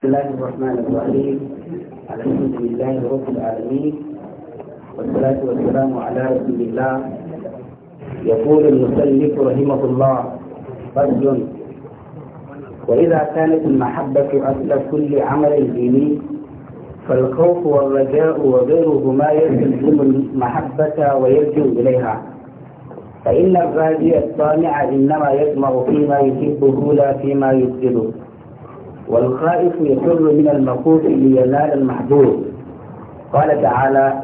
بسم الله الرحمن الرحيم الحمد لله رب العالمين والصلاة والسلام على رسول الله يقول المسلف رحمه الله فضل وإذا كانت المحبة أصل كل عمل ديني فالخوف والرجاء وغيرهما يلزم المحبة ويرجو إليها فإن الراجي الطامع إنما يجمع فيما يحبه لا فيما يبذله والخائف يفر من المخوف لينال المحذور قال تعالى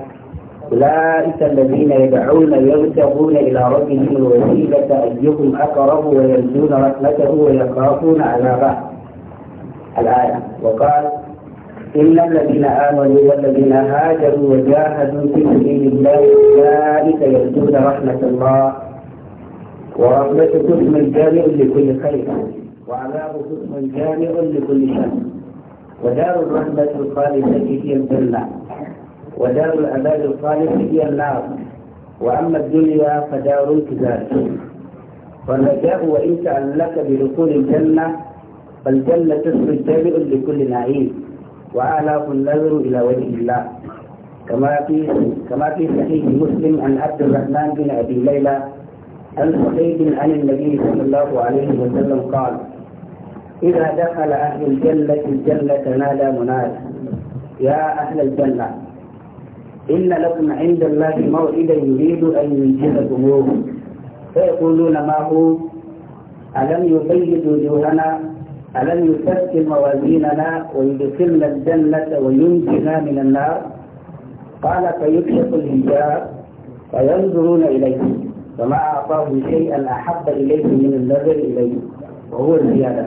أولئك الذين يدعون يبتغون إلى ربهم الوسيلة أيهم أقرب ويرجون رحمته ويخافون عذابه الآية وقال إن الذين آمنوا والذين هاجروا وجاهدوا في سبيل الله أولئك يرجون رحمة الله ورحمة كل من جامع لكل خير وعلاه حكم جامع لكل شأن ودار الرحمة الخالدة هي الجنة ودار العباد الخالد هي النار وأما الدنيا فدار الكتاب فالرجاء وإن تعلق بدخول الجنة فالجنة اسم جامع لكل نعيم وأعلاه النذر إلى وجه الله كما في كما في صحيح مسلم عن عبد الرحمن بن أبي ليلى عن صحيح عن النبي صلى الله عليه وسلم قال إذا دخل أهل الجنة الجنة نادى مناد يا أهل الجنة إن لكم عند الله موعدا يريد أن ينجزكموه فيقولون ما هو ألم يبيض وجوهنا ألم يسكن موازيننا ويدخلنا الجنة وينجنا من النار قال فيكشف الحجاب فينظرون إليه فما أعطاهم شيئا أحب إليه من النظر إليه وهو الزيادة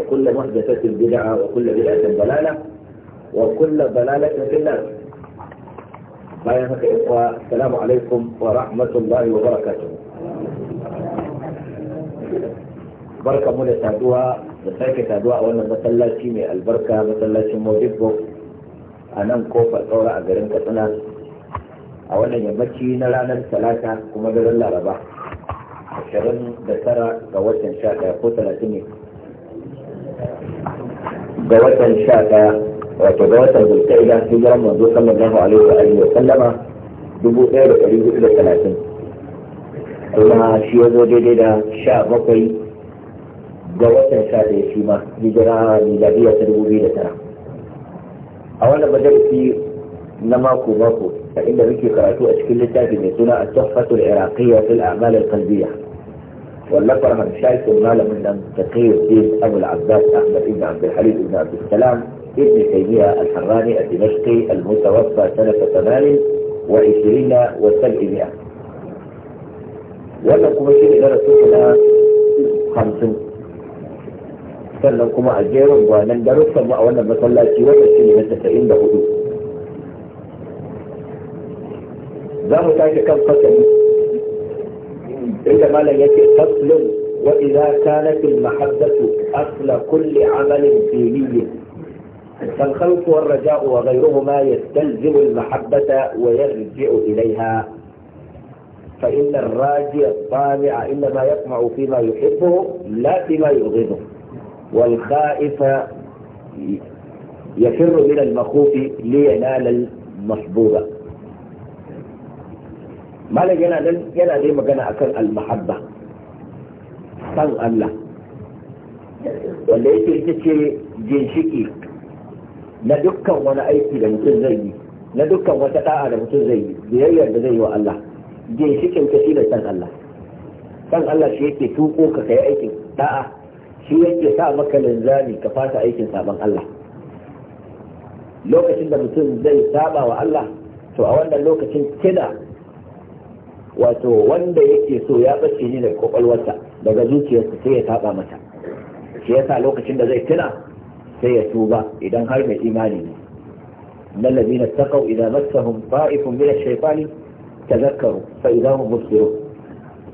وكل محدثة بدعة وكل بدعة ضلالة وكل ضلالة في النار بايا إخوة السلام عليكم ورحمة الله وبركاته بركة مولى سادوها لسايكي سادوها وانا مثلا من البركة مثلا موجبه a أنا مكوفة ɗaura a كتنا أولا يمكي نرانا yammaci كما ranar الله ربا garin laraba 29 ga watan 11 ga watan sha ɗaya wato ga watan zulkaida hijiran manzo sallallahu alaihi wa alihi wa sallama dubu ɗaya da ɗari hudu da talatin kuma shi ya zo daidai da sha bakwai ga watan sha ɗaya shi ma hijira miladiya ta dubu biyu da tara a wannan majalisi na mako mako a inda muke karatu a cikin littafi mai suna a tuhfatul iraqiyya fil a'mal al-qalbiyya واللفر من شايف المال من التقير ابن ابو العباس احمد ابن عبد الحليم ابن عبد السلام ابن تيمية الحراني الدمشقي المتوفى سنة ثمان وعشرين وسبعمائة ولكم شيء إلى رسولنا خمسون سلمكم أجيرهم وأنا درس ما أولا ما صلى شيء ولا شيء من التسعين بهدوء ذا هو كم قتل عندما لا يتقبل فصل وإذا كانت المحبة أصل كل عمل ديني فالخوف والرجاء وغيرهما يستلزم المحبة ويرجع إليها فإن الراجي الطامع إنما يطمع فيما يحبه لا فيما يبغضه والخائف يفر من المخوف لينال المحبوب malam yana nan yana ne magana akan al-mahabba san Allah wanda yake ita ce ginshiki na dukkan wani aiki da mutum zai yi na dukkan wata da'a da mutum zai yi biyayyar da zai yi wa Allah ginshikin ka da san Allah san Allah shi yake tuko ka kai aikin da'a shi yake sa maka linzami ka fasa aikin saban Allah lokacin da mutum zai saba wa Allah to a wannan lokacin kina wato wanda yake so ya bace ne daga kwakwalwarsa daga zuciyarsa sai ya taba mata shi yasa lokacin da zai tuna sai ya tuba idan har mai imani ne na ladina taqaw idan massahum ta'ifun min ash-shaytani tazakkaru fa idan hum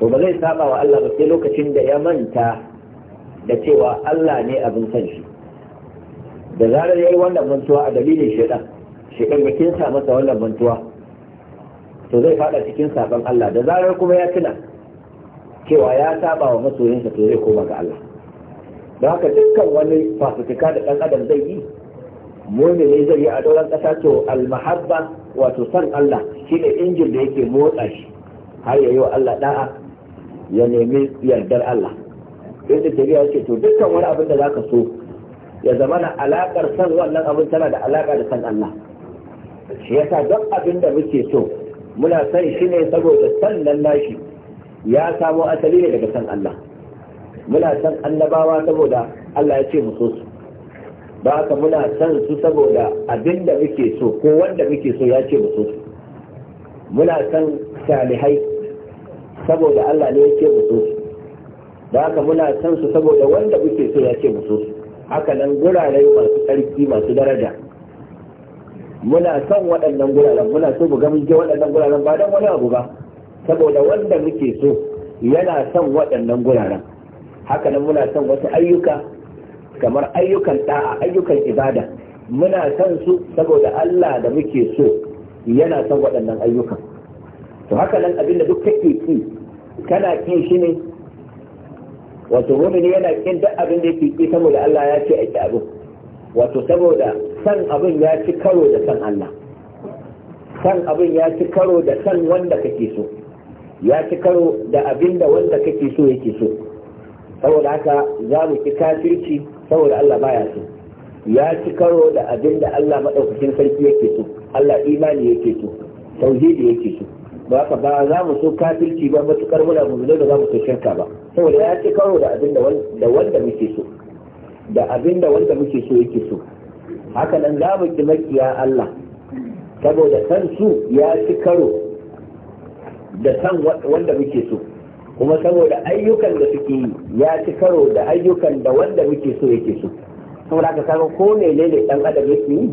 to ba zai saba wa Allah ba sai lokacin da ya manta da cewa Allah ne abin san shi da zarar yayi wannan mantuwa a dalilin shaitan shaitan ya kinsa masa wannan mantuwa to zai fada cikin saban Allah da zarar kuma ya tuna cewa ya saba wa masoyinsa to zai koma ga Allah don haka dukkan wani fasutuka da ɗan adam zai yi ne zai yi a doron ƙasa to almahabba wato san Allah shi ne injin da yake motsa shi har ya yi wa Allah da'a ya nemi yardar Allah da tafiya ce to dukkan wani abin da zaka so ya zama na alaƙar san wannan abin tana da alaƙa da san Allah shi yasa duk abin da muke so muna sai shi ne saboda sannan nashi ya samo asali ne daga san Allah muna san annabawa saboda Allah ya ce mu so su ba haka muna san su saboda abin da muke so ko wanda muke so ya ce mu so su muna san salihai saboda Allah ne ya ce mu so su ba haka muna san su saboda wanda muke so ya ce mu so su haka nan gurare masu tsarki masu daraja muna son waɗannan guraren muna so mu gamin ke waɗannan guraren ba don wani abu ba saboda wanda muke so yana son waɗannan guraren haka nan muna son wasu ayyuka kamar ayyukan ɗa'a ayyukan ibada muna son su saboda Allah da muke so yana son waɗannan ayyukan to haka nan abin da duk kake ki kana kin shi ne wato mu'mini yana kin duk abin da yake ki saboda Allah ya ce a ki abu wato saboda san abin ya ci karo da san Allah san abin ya ci karo da san wanda kake so ya ci karo da abin da wanda kake so yake so saboda haka za mu ki kafirci saboda Allah baya so ya ci karo da abin da Allah madaukakin sarki yake so Allah imani yake so tauhidi yake so ba ka ba za mu so kafirci ba matukar muna mu'minin da za mu so shirka ba saboda ya ci karo da abin da wanda muke so da abin da wanda muke so yake so haka nan za mu ki makiya Allah saboda san su ya ci karo da san wanda muke so kuma saboda ayyukan da suke yi ya ci karo da ayyukan da wanda muke so yake so saboda haka kaga ko ne ne dan adam yake yi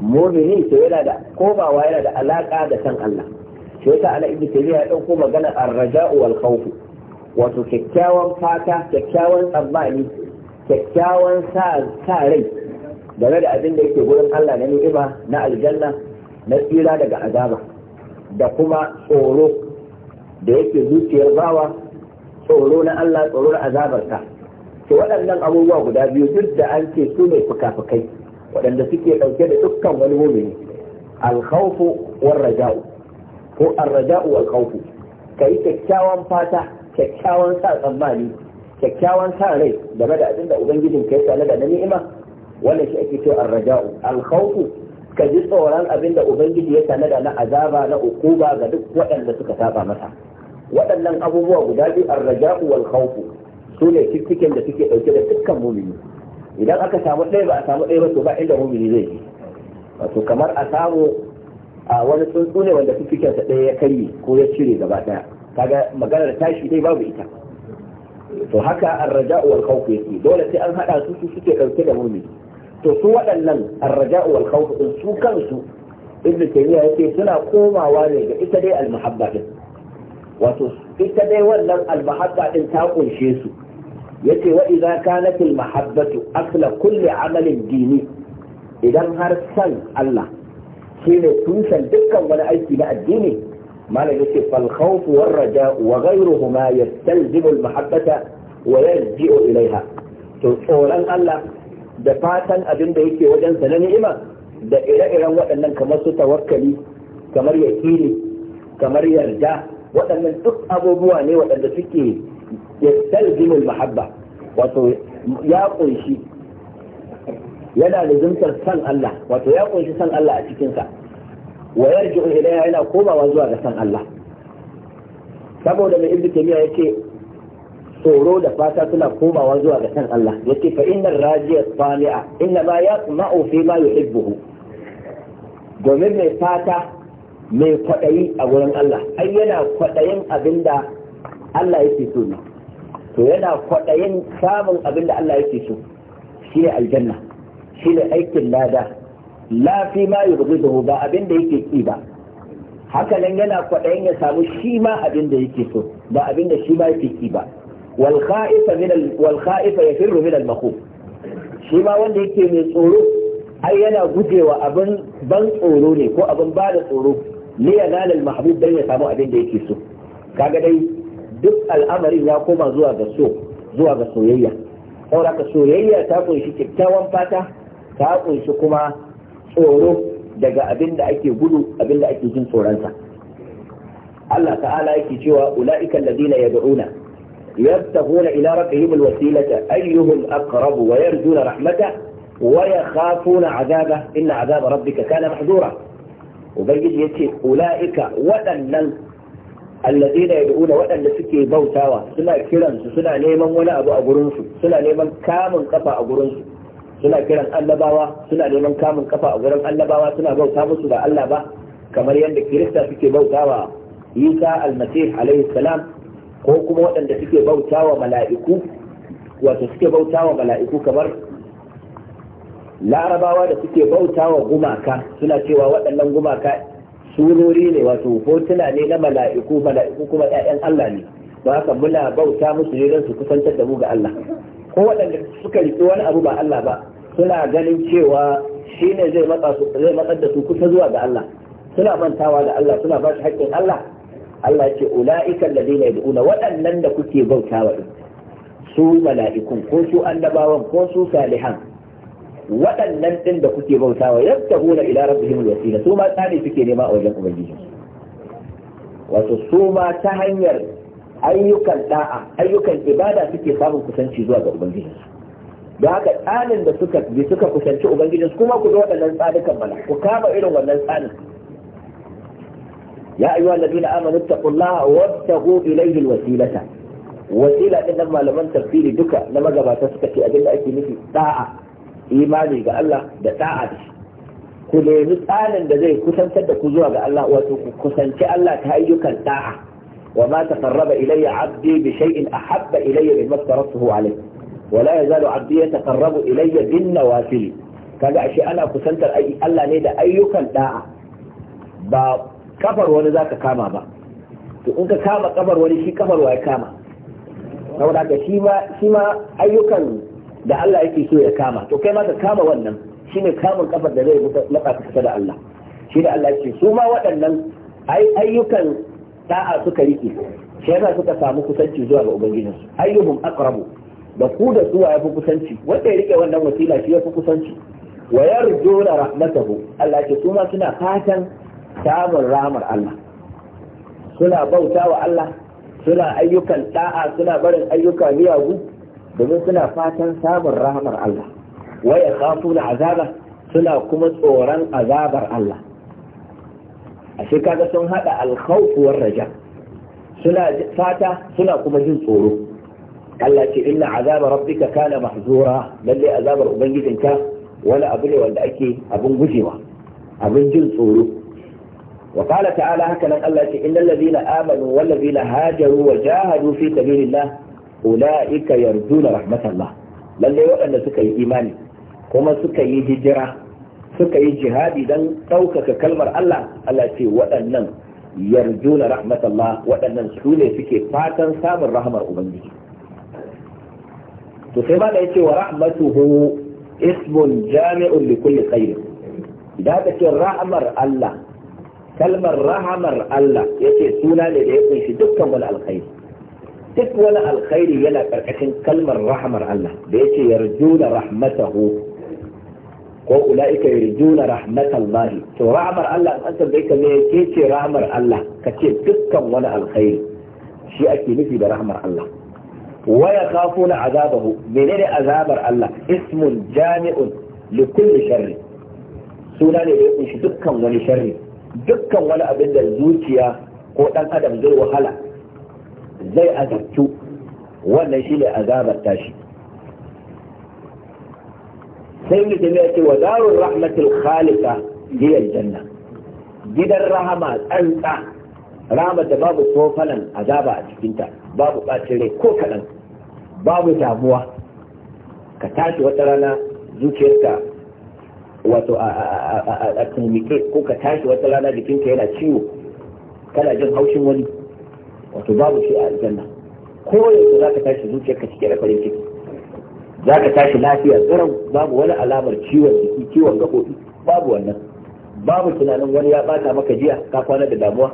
mumini to yana da komawa yana da alaka da san Allah shi yasa ala ibnu tayyiba ya dauko magana ar-raja'u wal khawf wato kyakkyawan fata kyakkyawan tsammani kyakkyawan sa rai game da abin da yake gurin Allah na ni'ima na aljanna na tsira daga azaba da kuma tsoro da yake zuciyar bawa tsoro na Allah tsoro na ta to waɗannan abubuwa guda biyu duk da an ce su ne fuka-fukai waɗanda suke ɗauke da dukkan wani mumini alkhawfu war raja'u ko ar-raja'u wal khawfu kai kyakkyawan fata kyakkyawan sa tsammani kyakkyawan sa rai game da abin da ubangijin kai tsare da ni'ima wannan shi ake cewa arraja'u alkhawfu ka ji tsoron abin da ubangiji ya tanada na azaba na ukuba ga duk waɗanda suka saba masa waɗannan abubuwa guda biyu arraja'u wal khawfu su ne cikin da suke ɗauke da dukkan mumini idan aka samu ɗaya ba a samu ɗaya ba to ba inda mumini zai yi wato kamar a samu a wani tsuntsu ne wanda fifikinsa ɗaya ya karye ko ya cire gaba ɗaya kaga maganar tashi dai babu ita to haka arraja'u wal khawfu yake dole sai an hada su su suke ɗauke da mumini to su waɗannan arraja'u wal khawf din su kansu ibn taymiya yake suna komawa ne ga ita dai al mahabba din wato ita dai wannan al mahabba din ta kunshe su yace wa idza kanat al mahabbatu asla kulli amalin dini idan har san Allah shine tushen dukkan wani aiki na addini malam yace fal khawf war raja'u wa ghayruhuma yastalzimu al mahabbata wa yarji'u ilaiha to tsoron Allah da fatan abin da yake wajen sa na ni'ima da ire-iren waɗannan kamar su tawakkali kamar ya yakini kamar yarda waɗannan duk abubuwa ne waɗanda suke yastalzimul mahabba wato ya kunshi yana lizimtar san Allah wato ya kunshi san Allah a cikinsa wa yarji'u ilayya yana komawa zuwa ga san Allah saboda mai ibnu taymiya yace tsoro da fata suna komawa zuwa ga san Allah yace fa innar rajiya sami'a inna ma yasma'u fi ma yuhibbu domin mai fata mai kwaɗayi a wurin Allah ai yana kwaɗayin abin da Allah yake so ne to yana kwaɗayin samun abin da Allah yake so ne aljanna shi ne aikin lada la fi ma yughdihu ba abin abinda yake ki ba haka nan yana kwaɗayin ya samu shi ma abin da yake so ba abin da shi ma yake ki ba والخائف من ال... والخائف يفر من المخوف min ما ma wanda yake mai tsoro ai yana gujewa abin ban tsoro ne ko abin ba da tsoro ne ya nal al mahbub dan ya samu abin da yake so kaga dai duk al'amarin ya koma zuwa ga so zuwa ga soyayya saboda ka soyayya ta kunshi kyakkyawan fata ta kunshi kuma tsoro daga abin da ake gudu abin da ake jin tsoronsa Allah ta'ala yake cewa ula'ika alladhina yad'una يبتغون إلى ربهم الوسيلة أيهم أقرب ويرجون رحمته ويخافون عذابه إن عذاب ربك كان محذورا وبين يتي أولئك ودن الذين يدعون ودن سكي بوتاوا سنا كيران سنا نيمان ولا أبو أقرنس سنا نيمان كامن قفا أقرنس سنا كيران ألباوا سنا نيمان كامن قفا أقرن ألباوا سنا بوتا مسو الله با kamar yadda kirista suke bautawa Isa المسيح عليه السلام ko kuma waɗanda suke wa mala'iku wato suke wa mala'iku kamar larabawa da suke bauta wa gumaka suna cewa waɗannan gumaka sunori ne wato hotuna ne na mala'iku mala'iku kuma 'ya'yan Allah ne ba haka muna bauta musu ne don su kusantar da mu ga Allah ko waɗanda suka riƙe wani abu ba Allah ba suna ganin cewa shi ne zai matsar da su kusa zuwa ga Allah suna mantawa da Allah suna ba shi haƙƙin Allah Allah ce ula'ikan da zai yad'una waɗannan da kuke bautawa din su mala'ikun ko su annabawan ko su salihan waɗannan din da kuke bautawa yabtahuna ila rabbihim wasila su ma tsari suke nema a wajen ubangiji wato su ma ta hanyar ayyukan da'a ayyukan ibada suke samun kusanci zuwa ga ubangijinsu don haka tsanin da suka bi suka kusanci ubangijinsu, kuma ku zo waɗannan tsanukan mala ku kama irin wannan tsanin ya ayyuha alladhina amanu taqullaha wabtaghu ilayhi wasilata wasila din nan malaman tafsiri duka na magabata suka ce abinda ake nufi da'a imani Allah da da'a da shi ku nemi tsarin da zai kusantar da ku ga Allah wato ku kusanci Allah ta ayyukan da'a wa ma taqarraba ilayya 'abdi bi shay'in ahabba ilayya mimma taratuhu alayhi wa la yazalu 'abdi yataqarrabu ilayya bin nawafil kaga ashe ana kusantar Allah ne da ayyukan da'a ba kafar wani za ka kama ba to in ka kama kafar wani shi kafar wa ya kama saboda haka shi ma shi ma ayyukan da Allah yake so ya kama to kai ma ka kama wannan shi ne kamun kafar da zai maka kasa da Allah shi da Allah ya ce su ma waɗannan ayyukan ta'a suka rike shi yana suka samu kusanci zuwa ga ubangijinsu ayyuhum aqrabu da ku da su ya fi kusanci wanda ya rike wannan wasila shi ya fi kusanci wa yarjuna rahmatahu Allah ya ce su ma suna fatan samun rahamar Allah suna bauta wa Allah suna ayyukan da'a suna barin ayyuka miyagu domin suna fatan samun rahamar Allah wa kafuna azaba suna kuma tsoron azabar Allah ashe kaga sun haɗa alkhawf raja suna fata suna kuma jin tsoro Allah ce inna azaba rabbika kana mahzura lalle azabar ubangijinka wani abu ne wanda ake abin gujewa abin jin tsoro وقال تعالى هكذا الله إن الذين آمنوا والذين هاجروا وجاهدوا في سبيل الله أولئك يرجون رحمة الله lalle waɗanda suka yi imani kuma suka yi hijira suka yi jihadi don ɗaukaka kalmar Allah Allah ce waɗannan yarjuna rahmatallah waɗannan sune suke fatan samun rahmar ubangiji to mana ya ce yace wa rahmatuhu ismun jami'un likulli kulli khair idan rahmar Allah kalmar rahamar Allah yace suna ne da ya kunshi dukkan wani alkhairi duk wani alkhairi yana karkashin kalmar rahamar Allah da yace yarjuna rahmatahu ko ulaika yarjuna rahmatallah to rahamar Allah an san dai me yake ce rahamar Allah kace dukkan wani alkhairi shi ake nufi da rahamar Allah wa yakhafuna azabahu menene azabar Allah ismun jami'un li sharri suna ne da ya kunshi dukkan wani sharri dukkan wani abin da zuciya ko ɗan adam zai wahala zai azabtu wannan shi ne azabar tashi sai mutum ya ce wa darur rahmatul khalifa hiya janna gidan rahama tsantsa rahama da babu tofalan azaba a cikinta babu bacin ko kaɗan babu damuwa ka tashi wata rana zuciyarka wato a tumike ko ka tashi wata rana jikinka yana ciwo kana jin haushin wani wato babu shi a aljanna ko yanzu za ka tashi zuciyarka cike da farin ciki za ka tashi lafiya tsaron babu wani alamar ciwon jiki ciwon gaɓoɓi babu wannan babu tunanin wani ya bata maka jiya ka kwana da damuwa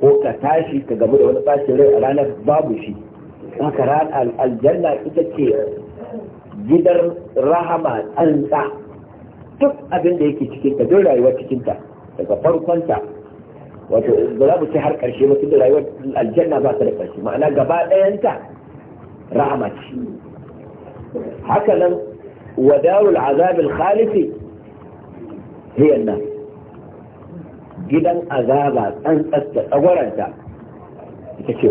ko ka tashi ka gamu da wani ɓacin rai a ranar babu shi haka aljanna ita ce gidan rahama tsantsa duk abin da yake cikin ta duk rayuwar cikin ta daga farkon ta wato ba za mu ce har karshe ba tunda rayuwar aljanna ba ta da karshe ma'ana gaba ɗayan ta rahama ce haka nan wadarul azabil khalifi hiya nan gidan azaba tsantsasta tsagwaranta ita ce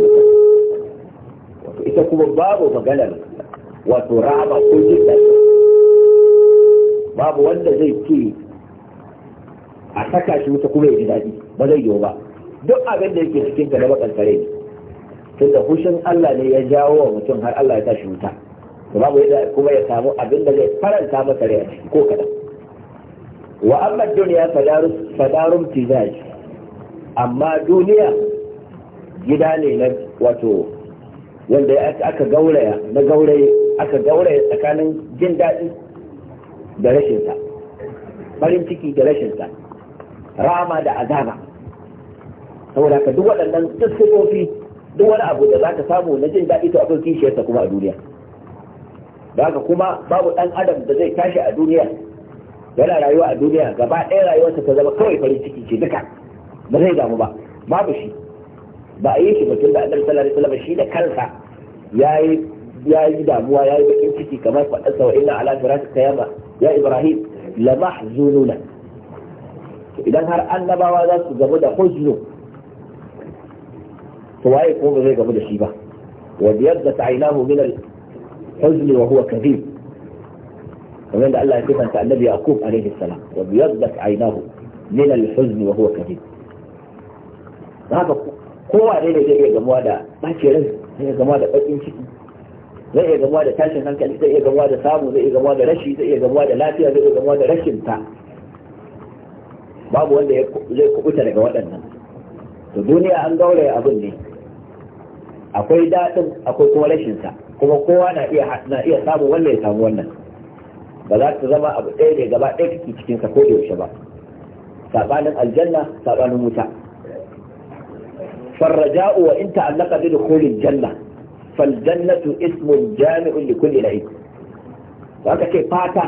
wato ita kuma babu maganar wato rahama ko jin daɗi babu wanda zai ce a saka shi wuta kuma ya ji daɗi ba zai yiwu ba duk abin da yake cikin ka na bakan kare ne da hushin Allah ne ya jawo wa mutum har Allah ya tashi wuta to babu yadda kuma ya samu abin da zai faranta masa rai a ciki ko kada wa amma duniya fadarun tizaj amma duniya gida ne na wato wanda aka gauraya na gauraye aka gauraya tsakanin jin daɗi da rashinsa farin ciki da rashinsa rama da azaba saboda ka duk waɗannan siffofi duk wani abu da za ka samu na jin daɗi to akwai kishiyarsa kuma a duniya da haka kuma babu ɗan adam da zai tashi a duniya yana rayuwa a duniya gaba ɗaya rayuwarsa ta zama kawai farin ciki ce duka ba zai damu ba babu shi ba a yi shi mutum da annabi sallallahu alaihi wasallam shi da kansa yayi yayi damuwa yayi bakin ciki kamar faɗa sawa, wa inna ala firasika kayama ya ibrahim la mahzununa idan har annabawa za su gabu da huznu to waye ko ba zai gabu da shi ba wa yadda ta'inahu min al-huzn wa huwa kadhib kamar da Allah ya ta annabi yaqub alayhi salam wa yadda ta'inahu min al-huzn wa huwa kadhib haka kowa ne da zai gamuwa da bacin rai zai gamuwa da bakin ciki zai iya gamuwa da tashin hankali zai iya gamuwa da samu zai iya gamuwa da rashi zai iya gamuwa da lafiya zai iya gamuwa da rashin ta babu wanda zai kubuta daga waɗannan to duniya an gauraya abin ne akwai daɗin akwai kuma rashin sa kuma kowa na iya na iya samu wannan ya samu wannan ba za ta zama abu ɗaya ne gaba ɗaya kake cikin sa ko da yaushe ba sabanin aljanna sabanin wuta farraja'u wa in ta'allaqa bi dukhulil janna فالجنة اسم جامع لكل لعيب وانك كي فاتا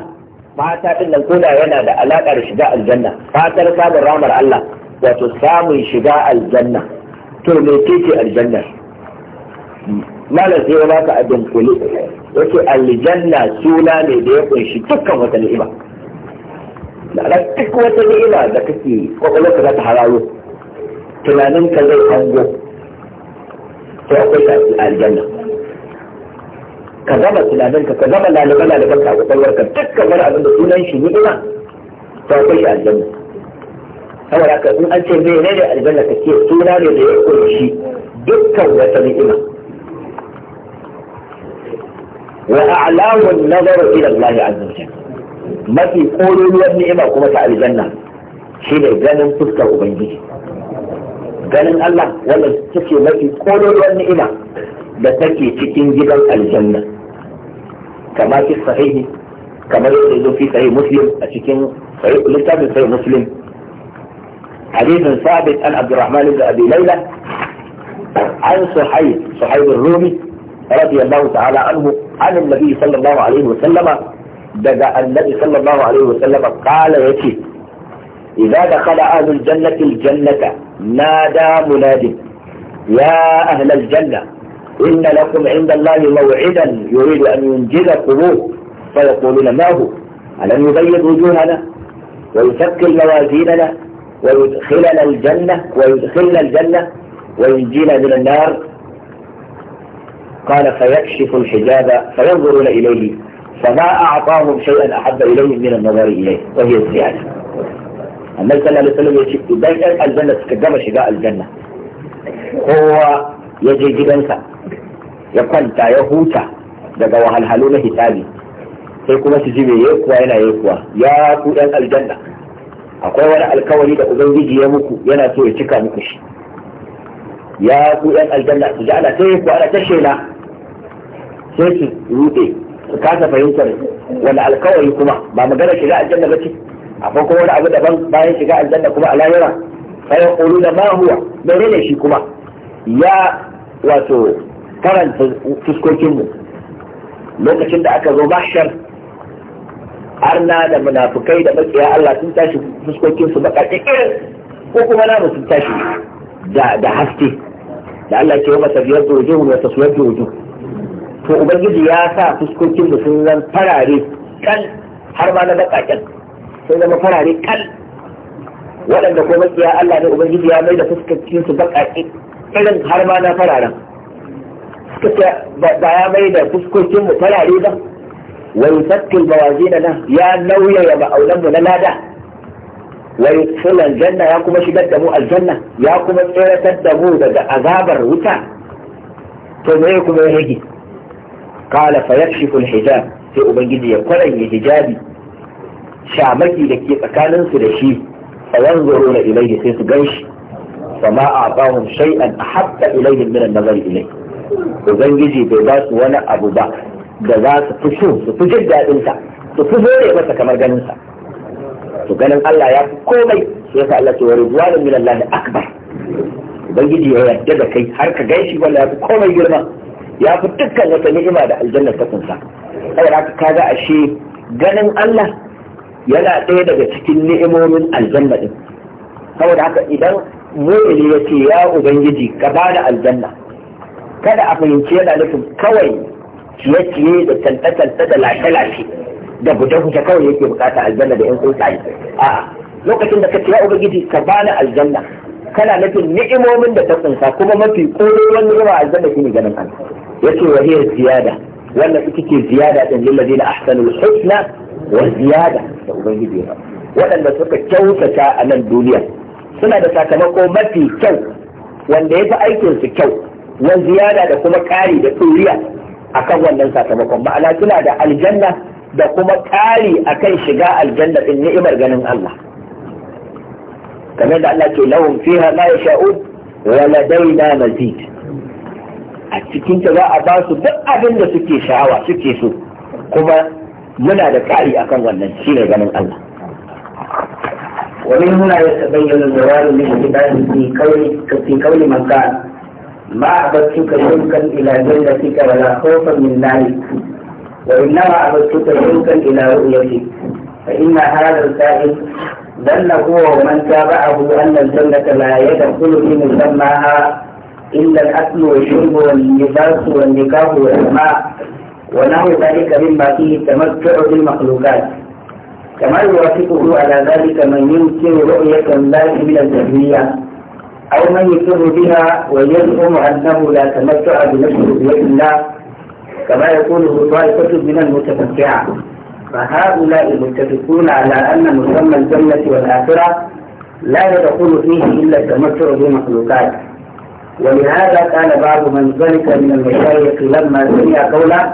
فاتا ان الكولا ينا دا علاقة لشجاء الجنة فاتا لكاب الرامر الله وتسام شجاء الجنة تلميكيتي الجنة ما لسي ولاك أدن كله وكي الجنة سولا لديك ويشي تكا وتنئبا لا تك وتنئبا دا كتي وقلوك لا تحرارو تنانين كذي تنجو فوقيتا الجنة ka gama tunaninka ka gama lalibe-laliben ka a kwakwalwarka duk kamar abin da sunan shi ni'ima ta kai shi aljanna saboda haka in an ce mene ne aljanna ka ke suna ne da ya kunshi dukkan wata ni'ima wa a'lamun nazaru ila Allah azza wajalla mafi kololuwar ni'ima kuma ta aljanna shine ganin fuskar ubangiji ganin Allah wannan take mafi kololuwar ni'ima da take cikin gidan aljanna kama fi sahihi kamar yadda zo fi sahih muslim a cikin littafin sahih muslim hadisin sabit an abdurrahman ibn abi laila an suhaib suhaib ar-rumi radiyallahu ta'ala anhu an annabi sallallahu alaihi wa sallama daga annabi sallallahu alaihi wa sallama qala yace إذا دخل أهل الجنة الجنة نادى مناد يا أهل الجنة إن لكم عند الله موعدا يريد أن ينجزكموه فيقولون ما هو ألم يبيض وجوهنا ويثقل موازيننا ويدخلنا الجنة ويدخلنا الجنة وينجينا من النار قال فيكشف الحجاب فينظرون إليه فما أعطاهم شيئا أحب إليهم من النظر إليه وهي الزيادة النبي صلى الله عليه وسلم يشف الجنة تكدم شقاء الجنة هو يجي جدا ya kwanta ya huta daga wahalhalu na hisabi sai kuma su ji me kuwa yana kuwa ya ku yan aljanna akwai wani alkawari da ubangiji ya muku yana so ya cika muku shi ya ku yan aljanna su ji ana ta yekuwa ana ta shela sai su rude su kasa fahimtar wani alkawari kuma ba magana shiga aljanna ba ce akwai kuma wani abu daban bayan shiga aljanna kuma a lahira sai ya ƙoru da ma huwa menene shi kuma ya wato Karanta fuskokinmu lokacin da aka zo bashar arna da munafukai da makiya Allah sun tashi fuskokinsu baka irin, ko kuma namu sun tashi da haske da Allah ke masa biyar da wujuhu wa taswiyar da wujuhu to ubangiji ya sa fuskokinmu sun zan farare kal har ma na bakaken sun zama farare kal waɗanda ko makiya Allah ne ubangiji ya mai da fuskokinsu baka irin har ma na fararen suka ce ba ya mai da fuskokin mu tarare ba wa yusakkil bawazina na ya nauyaya ma'aunan mu na lada wa yudkhilal janna ya kuma shigar da mu aljanna ya kuma tseratar da mu daga azabar wuta to me kuma ya rage qala fa yakshifu hijab sai ubangiji ya kwaranye hijabi shamaki da ke tsakaninsu da shi fa yanzuruna ilayhi sai su ganshi فما أعطاهم شيئا أحب إليهم من النظر إليه ubangiji bai ba su wani abu ba da za su fi so su fi jin daɗin sa su fi zore masa kamar ganin sa to ganin Allah ya fi komai sai yasa Allah ce wa ridwanun min Allah akbar ubangiji ya yarda da kai har ka gaishe wanda ya fi komai girma ya fi dukkan wata ni'ima da aljanna ta kunsa saboda haka kaga ashe ganin Allah yana ɗaya daga cikin ni'imomin aljanna din saboda haka idan mu'mini yace ya ubangiji ka bani aljanna kada a fahimci yana nufin kawai ciye-ciye da tantatanta da lashe-lashe da guje-guje kawai yake bukata aljanna da yan tsuntsaye a lokacin da ka ce ya ubangiji ka bani aljanna kana nufin ni'imomin da ta tsinka kuma mafi kodoron ni'ima aljanna ne ganin Allah yace wa hiya ziyada wannan ita ce ziyada din lil ladina ahsanul husna wa ziyada da ubangiji ya waɗanda suka kyautata a nan duniya suna da sakamako mafi kyau wanda ya fi aikinsu kyau wa ziyada da kuma ƙari da turiya akan wannan sakamakon ma'ana suna da aljanna da kuma ƙari akan shiga aljanna din ni'imar ganin Allah kamar da Allah ke lahum fiha ma yasha'un wa ladaina mazid a cikin ta za a ba su duk abin da suke sha'awa suke so kuma muna da ƙari akan wannan shine ganin Allah ومن هنا يتبين المراد من العباد في قول في قول من قال ما عبدتك شوقا إلى جنتك ولا خوفا من ذلك وإنما عبدتك شوقا إلى رؤيتك فإن هذا السائل ظن هو ومن تابعه أن الجنة لا يدخل في مسماها إلا الأكل والشرب واللباس والنكاح والماء ونحو ذلك مما فيه التمتع بالمخلوقات كما يوافقه على ذلك من ينكر رؤية الله من الجهمية أو من يسر بها ويزعم أنه لا تمتع بنفسه بيد الله كما يقوله طائفة من المتمتعة فهؤلاء المتفقون على أن مسمى الجنة والآخرة لا يدخل فيه إلا التمتع بالمخلوقات ولهذا قال بعض من ذلك من المشايخ لما سمع قوله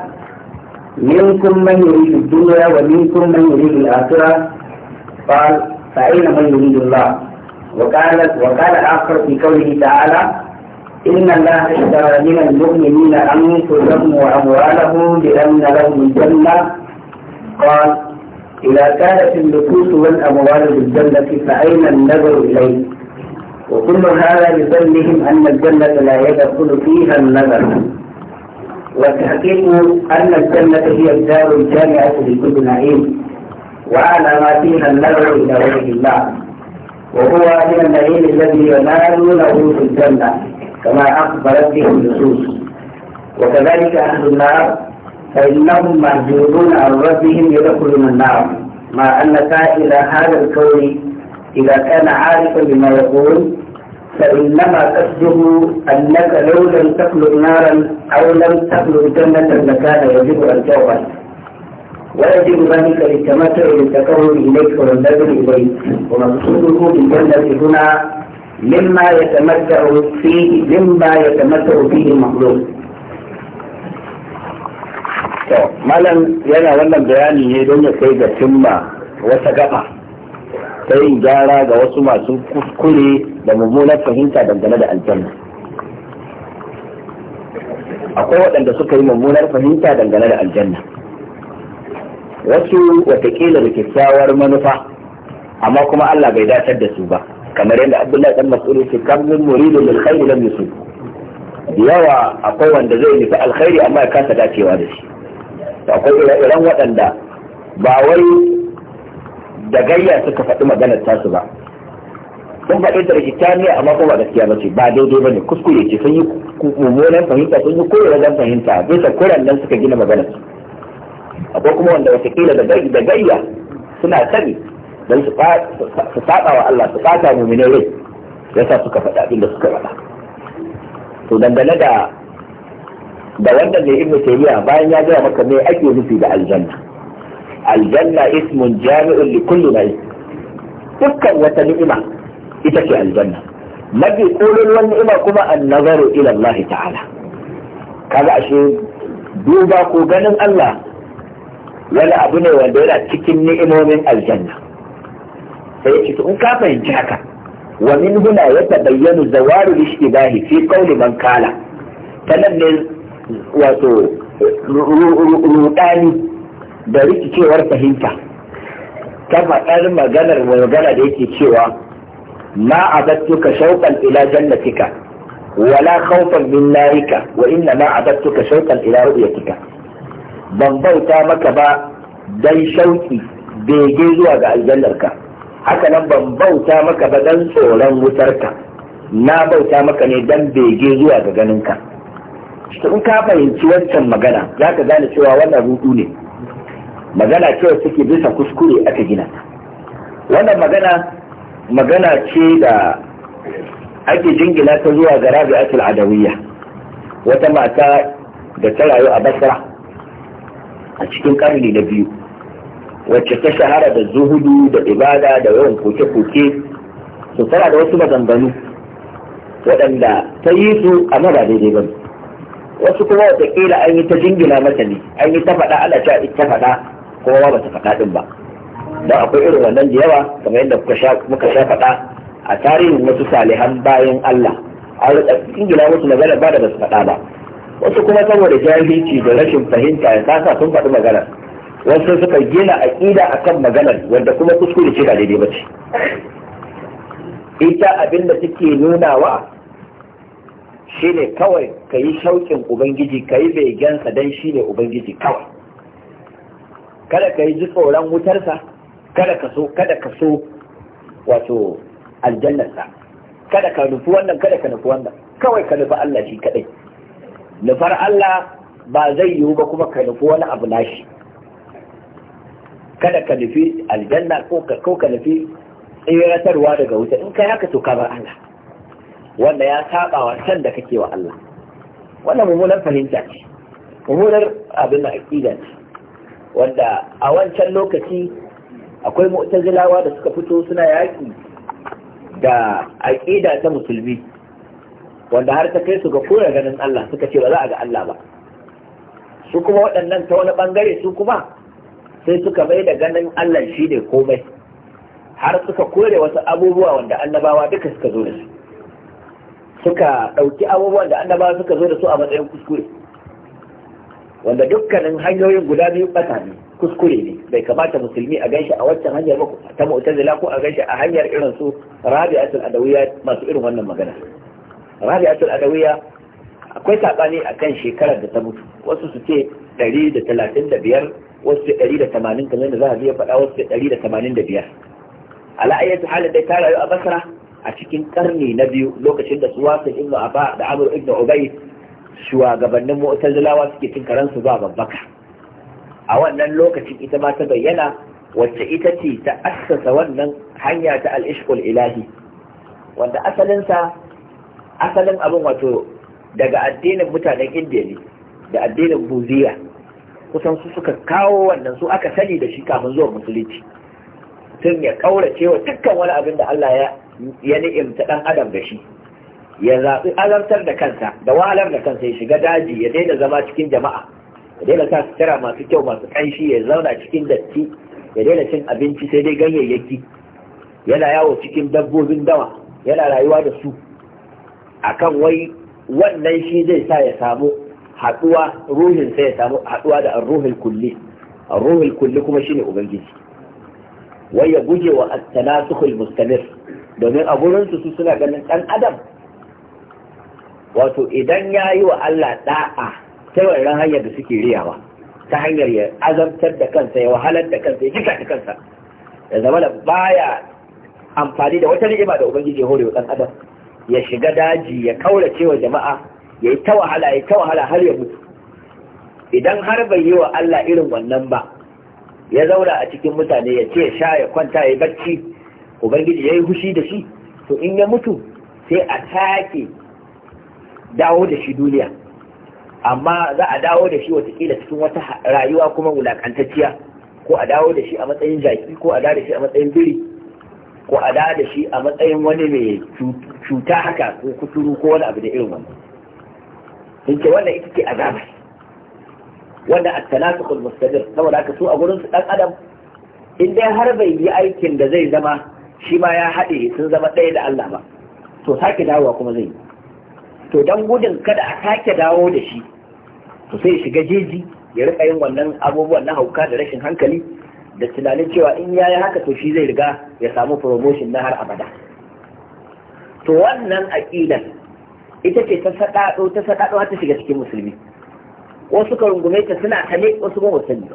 منكم من يريد الدنيا ومنكم من يريد الآخرة قال فأين من يريد الله وقال وقال آخر في قوله تعالى إن الله اشترى من المؤمنين أنفسهم وأموالهم بأن لهم الجنة قال إذا كانت النفوس والأموال بالجنة فأين النذر إليه وكل هذا لظنهم أن الجنة لا يدخل فيها النذر والتحقيق أن الجنة هي الدار الجامعة لكل نعيم وأعلى ما فيها النذر إلى غير الله وهو من النعيم الذي ينالونه في الجنة كما أخبرت به النصوص وكذلك أهل النار فإنهم مهجورون عن ربهم يدخلون النار مع أنك إلى هذا الكون إذا كان عارفا بما يقول فإنما قصده أنك لو لم تخلق نارا أو لم تخلق جنة لكان يجب أن تغفر ويجب ذلك للتمتع بالتكون إليك والنزل إليك ومقصوده بالجنة هنا مما يتمتع فيه مما يتمتع فيه المخلوق malam yana wannan bayani ne don ya kai ga cimma wata gaba ta yin gyara ga wasu masu kuskure da mummunar fahimta dangane da aljanna akwai waɗanda suka yi mummunar fahimta dangane da aljanna wasu watakila da kyakkyawar manufa amma kuma Allah bai datar da su ba kamar yadda Abdullahi dan Mas'ud yake kamin muridun lil khairi lam yusib yawa akwai wanda zai nufi alkhairi amma ya kasa dacewa da shi to akwai ire-iren waɗanda ba wai da gayya suka faɗi maganar tasu ba sun faɗi da rikitaniya amma kuma gaskiya ba ce ba daidai ba ne kuskure ce sun yi mummunan fahimta sun yi koyar wajen fahimta bisa kuran nan suka gina maganar su akwai kuma wanda watakila da gayya suna sani don su saba wa Allah su fata mumine rai sa suka faɗa abin da suka faɗa to dangane da da wannan ne ibnu taymiya bayan ya gaya maka me ake nufi da aljanna aljanna ismun jami'un li kulli na'im dukkan wata ni'ima ita ce aljanna mafi wani ni'ima kuma annazaru ila Allah ta'ala kaga ashe duba ko ganin Allah wani abu ne wanda yana cikin ni'imomin aljanna sai ya in ka fahimci haka wa min huna ya tabayyanu zawaru ishtibahi fi qawli man kala tanan ne wato rudani da rikicewar fahimta ta faɗar maganar magana da yake cewa ma abattuka shauqan ila jannatika wala khawfan min narika wa inna ma abattuka shauqan ila ru'yatika ban bauta maka ba dan shauki bege zuwa ga aljannarka haka nan ban bauta maka ba dan tsoron wutarka na bauta maka ne dan bege zuwa ga ganinka in ka fahimci wancan magana za ka gane cewa wannan rudu ne magana cewa suke bisa kuskure aka gina wannan magana magana ce da ake jingina ta zuwa ga rabi'atul adawiyya wata mata da ta rayu a basra a cikin karni na biyu wacce ta shahara da zuhudu da ibada da yawan koke-koke su tana da wasu maganganu waɗanda ta yi su a mara daidai ba wasu kuma wata ƙila an yi ta jingina mata ne an yi ta faɗa ana ta ita faɗa kuma ba ta faɗa ɗin ba don akwai irin wannan da yawa kamar yadda muka sha faɗa a tarihin wasu salihan bayan Allah a jingina musu magana ba da ba su faɗa ba wasu kuma saboda jahilci da rashin fahimta ya kasa sun faɗi magana wasu suka gina aƙida akan maganar wanda kuma kuskure ce ba daidai ba ce ita abin da suke nunawa shine kawai ka yi shauƙin ubangiji ka yi begensa don shi ne ubangiji kawai kada ka yi ji tsoron wutarsa kada ka so kada ka so wato aljannarsa kada ka nufi wannan kada ka nufi wannan kawai ka nufi Allah shi kadai nufar Allah ba zai yiwu ba kuma ka nufi wani abu nashi kada ka nufi aljanna ko ka nufi tseratarwa daga wuta in kai haka to ka bar Allah wanda ya saba wa san da kake wa Allah wannan mummunan fahimta ce mummunar abin aqida ce wanda a wancan lokaci akwai mu'tazilawa da suka fito suna yaki da aqida ta musulmi wanda har ta kai su ga koya ganin Allah suka ce ba za a ga Allah ba su kuma waɗannan ta wani ɓangare su kuma sai suka mai da ganin Allah shi ne komai har suka kore wasu abubuwa wanda annabawa duka suka zo da su suka ɗauki abubuwan da annabawa suka zo da su a matsayin kuskure wanda dukkanin hanyoyin guda biyu ɓata ne kuskure ne bai kamata musulmi a ganshi a waccan hanyar ba ta mu'tazila ko a ganshi a hanyar irin su rabi'atul adawiyya masu irin wannan magana rabi'atul adawiya akwai sabani akan shekarar da ta mutu wasu su ce 135 wasu ce 180 kamar da za a biya faɗa wasu ce 185 ala ayyatu halin dai ta rayu a basra a cikin karni na biyu lokacin da su wasu ibnu aba da amr ibnu ubay shugabannin mu'tazilawa suke cin karansu ba babbaka a wannan lokacin ita ma ta bayyana wacce ita ce ta assasa wannan hanya ta al-ishqul ilahi wanda asalinsa asalin abin wato daga addinin mutanen indiya ne da addinin buziya kusan su suka kawo wannan su aka sani da shi kafin zuwa musulunci tun ya kaurace wa dukkan wani abin da Allah ya ya ni'imta dan adam da shi ya zaɓi azartar da kansa da wahalar da kansa ya shiga daji ya daina zama cikin jama'a ya daina sa sutura masu kyau masu ƙanshi ya zauna cikin datti ya daina cin abinci sai dai ganyayyaki yana yawo cikin dabbobin dawa yana rayuwa da su akan wai wannan shi zai sa ya samu haduwa ruhin sai ya samu haduwa da ruhul kulli ruhul kulli kuma shine ubangiji wai ya guje wa at-tanasukhul mustamir domin a gurin su suna ganin dan adam wato idan ya yi wa Allah da'a ta wannan hanyar da suke riyawa ta hanyar ya azabtar da kansa ya wahalar da kansa ya jika da kansa ya zama da baya amfani da wata ni'ima da ubangiji ya hore wa dan adam ya shiga daji ya kaura wa jama'a ya yi ta wahala ya ta wahala har ya mutu idan har bai yi wa Allah irin wannan ba ya zaura a cikin mutane ya ce sha ya kwanta ya yi bacci ubangiji ya yi hushi da shi to in ya mutu sai a take dawo da shi duniya amma za a dawo da shi watakila cikin wata rayuwa kuma wulakantacciya ko a dawo da shi a matsayin jaki ko a dawo da shi a matsayin biri ko a da da shi a matsayin wani mai cuta haka ko kuturu ko wani abu da irin wannan in ce wannan ita ce azabar wannan at-tanasukul mustadir saboda haka su a gurin su dan adam in dai har bai yi aikin da zai zama shi ma ya haɗe sun zama ɗaya da Allah ba to sake dawowa kuma zai yi to dan gudun kada a sake dawo da shi to sai shiga jeji ya rika yin wannan abubuwan na hauka da rashin hankali da tunanin cewa in ya yi haka to shi zai riga ya samu promotion na har abada to wannan aƙidar ita ce ta saɗaɗo ta saɗaɗo ta shiga cikin musulmi wasu ka rungume ta suna ne wasu ba musulmi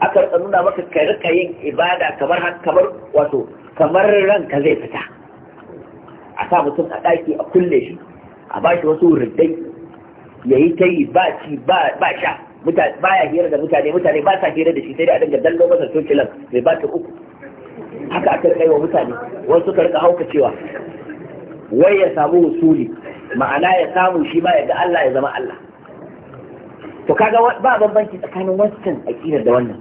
aka rika nuna maka ka yin ibada kamar kamar wato kamar ranka zai fita a sa mutum a ɗaki a kulle shi a ba shi wasu riddai ya yi ta yi ba ci ba sha mutane baya hira da mutane mutane ba sa hira da shi sai da a dinga dallo masa tocilan mai ba ta uku haka aka rika wa mutane wasu suka rika hauka cewa wai ya samu usuli ma'ana ya samu shi ba ya ga Allah ya zama Allah to kaga ba bambanci tsakanin wancan aqidar da wannan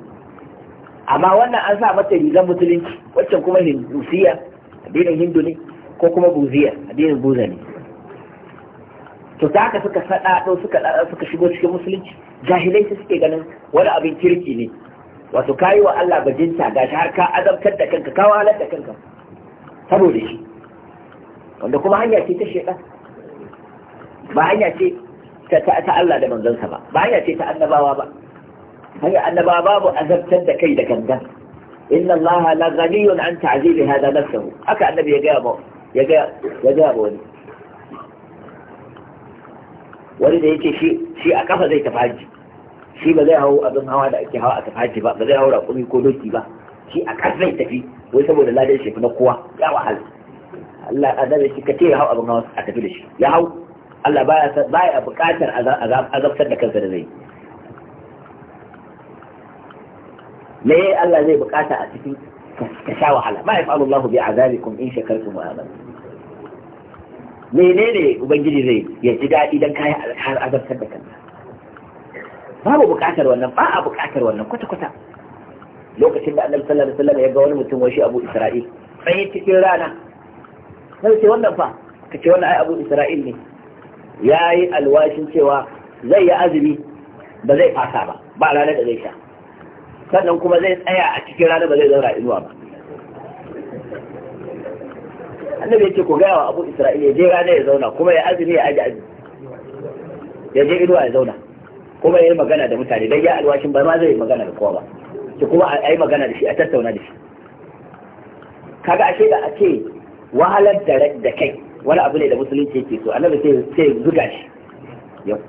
amma wannan an sa mata rigar musulunci waccan kuma hindusiya addinin hindu ne ko kuma buziya addinin buza ne to da haka suka saɗaɗo suka shigo cikin musulunci jahilai su suke ganin wani abin kirki ne wato kayi wa Allah bajinta ga har ka azabtar da kanka ka wahalar da kanka saboda shi wanda kuma hanya ce ta shaidan ba hanya ce ta Allah da manzansa ba ba hanya ce ta annabawa ba hanya annabawa babu azabtar da kai da gangan inna Allah la ghaniyun an ta'zili hada nafsuhu haka annabi ya ga ya wani wani da yake shi shi a kafa zai tafi haji shi ba zai hau abin hawa da ake hawa a tafi haji ba ba zai hau raƙumi ko doki ba shi a kafa zai tafi wai saboda ladan shi na kowa ya wahala Allah annabi shi ka ce ya hau abin hawa a tafi da shi ya hau Allah ba ya buƙatar azabtar da kansa da zai me Allah zai buƙata a cikin ka sha wahala ma yafa'alu Allahu bi azabikum in shakartum wa amantum menene ubangiji zai ya ji daɗi don kayi har azabtar da kanka babu buƙatar wannan ba a buƙatar wannan kwata-kwata lokacin da annabi sallallahu alaihi wasallam ya ga wani mutum wai shi abu isra'il sai cikin rana sai ce wannan fa kace wannan ai abu isra'il ne yayi alwashin cewa zai yi azumi ba zai fasa ba ba ranar da zai sha sannan kuma zai tsaya a cikin rana ba zai zaura inuwa ba annabi yake ku gaya wa abu isra'ila ya je rana ya zauna kuma ya azumi ya aji aji ya je inuwa ya zauna kuma ya yi magana da mutane dan ya alwashin ba ma zai yi magana da kowa ba ki kuma a yi magana da shi a tattauna da shi kaga ashe da ake wahalar da da kai wani abu ne da musulunci yake so annabi sai sai zuga shi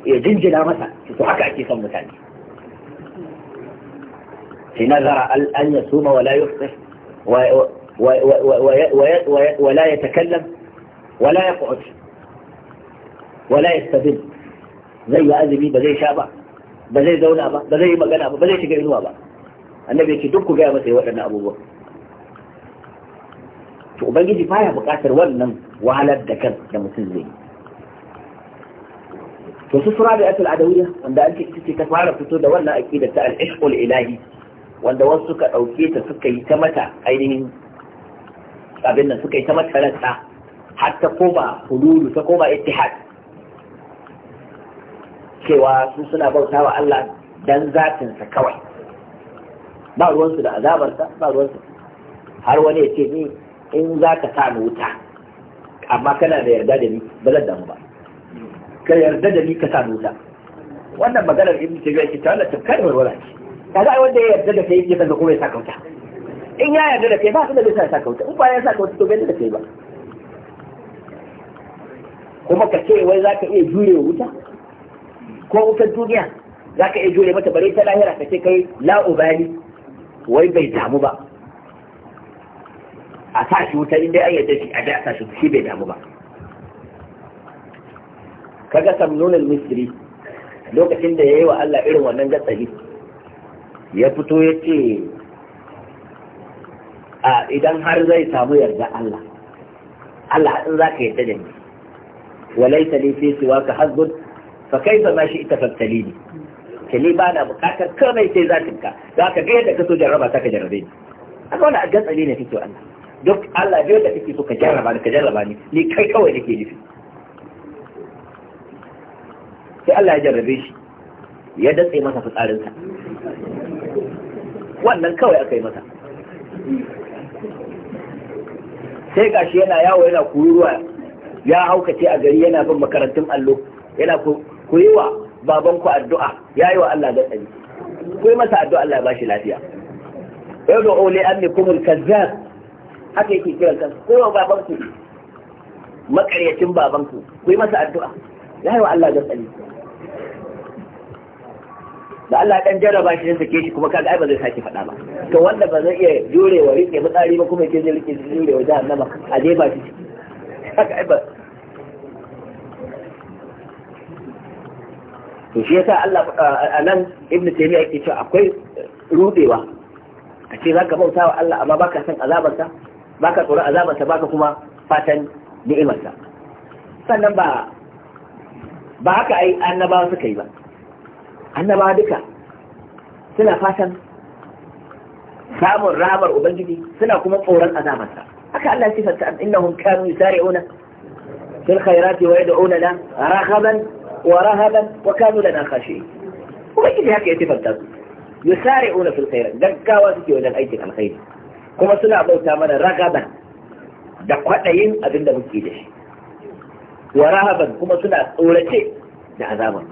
ya jinjina masa to haka ake son mutane في نذر an yasuma wala يفطر ولا يتكلم ولا يقعد ولا يستدل زي أزمي بزي شابا بزي زونا بزي مقنا با بزي شقينوا با النبي يكي دوكو جاء مسي وقنا أبو بو شو بقى جي فايا بقاتر وعلى الدكب نمسل زي تسوس رابعة العدوية عند أنت تسي تفعل فتو دولنا أكيد تسأل إشق الإلهي وعند وصك أو كي تسكي تمتع أي abin nan suka yi ta makaranta, har ta koma hululu ta koma ittihad cewa su suna bauta wa Allah dan zatinsa kawai ba ruwansu da azabarsa ba ruwansu har wani ya ce ni in za ka sa ni wuta amma kana da yarda da ni ba zan damu ba ka yarda da ni ka sa ni wuta wannan maganar ibnu tabi'a ce ta Allah tafkar warwara ce kaga ai wanda ya yarda da kai yake kaga kuma ya saka wuta in ya yarda da kai ba su da bisa ya saka wuta in ba ya sa kauta to bai da kai ba kuma ka ce wai za ka iya jure wuta ko wutar duniya za ka iya jure mata bare ta lahira ka ce kai la ubali wai bai damu ba a sa shi wuta inda ya yarda shi a da a sa shi shi bai damu ba kaga ga al-misri lokacin da yayi wa Allah irin wannan gatsari ya fito ya ce a idan har zai samu yarda Allah Allah in za ka yarda da ni walaita ne sai siwa ka hasbun fa kaifa ma shi ita fattali ne ke ni ba na bukatar kamai sai za ka za ka ga yadda ka so jarraba ta ka jarrabe ni a wani a gatsali ne fito Allah duk Allah bai da kake so ka jarraba ni ka jarraba ni ni kai kawai nake nufi sai Allah ya jarrabe shi ya datse masa fitsarinsa wannan kawai aka yi masa sai gashi yana yawo yana kururuwa ya haukace a gari yana bin makarantun allo yana ku yi wa babanku addu'a ya yi wa Allah da tsari ku yi masa addu'a Allah ya bashi lafiya yau da ole an ne kumul kazzab haka yake kiran kansa ku yi wa babanku makaryacin babanku ku yi masa addu'a ya yi wa Allah da tsari da Allah dan jarraba shi ya sake shi kuma kaga ai ba zai sake faɗa ba to wanda ba zai iya wa rike fitsari ba kuma yake zai rike wa jahannama a ba shi kaga ai ba to shi yasa Allah a nan Ibn Taymiyyah yake cewa akwai rudewa a ce zaka bauta wa Allah amma baka san azabarsa baka tsoron azabarsa baka kuma fatan ni'imarsa sannan ba ba haka ai annabawa suka yi ba annaba duka suna fatan samun rahamar ubangiji suna kuma tsoron azabarsa haka Allah ya sifanta an innahum kanu yusari'una fil khairati wa yad'una lana rahaban wa rahaban wa kanu lana khashi'in ubangiji haka ya sifanta su yusari'una fil khairat gaggawa suke wajen aikin alkhairi kuma suna bauta mana ragaban da kwaɗayin abinda muke da shi wa rahaban kuma suna tsorace da azabar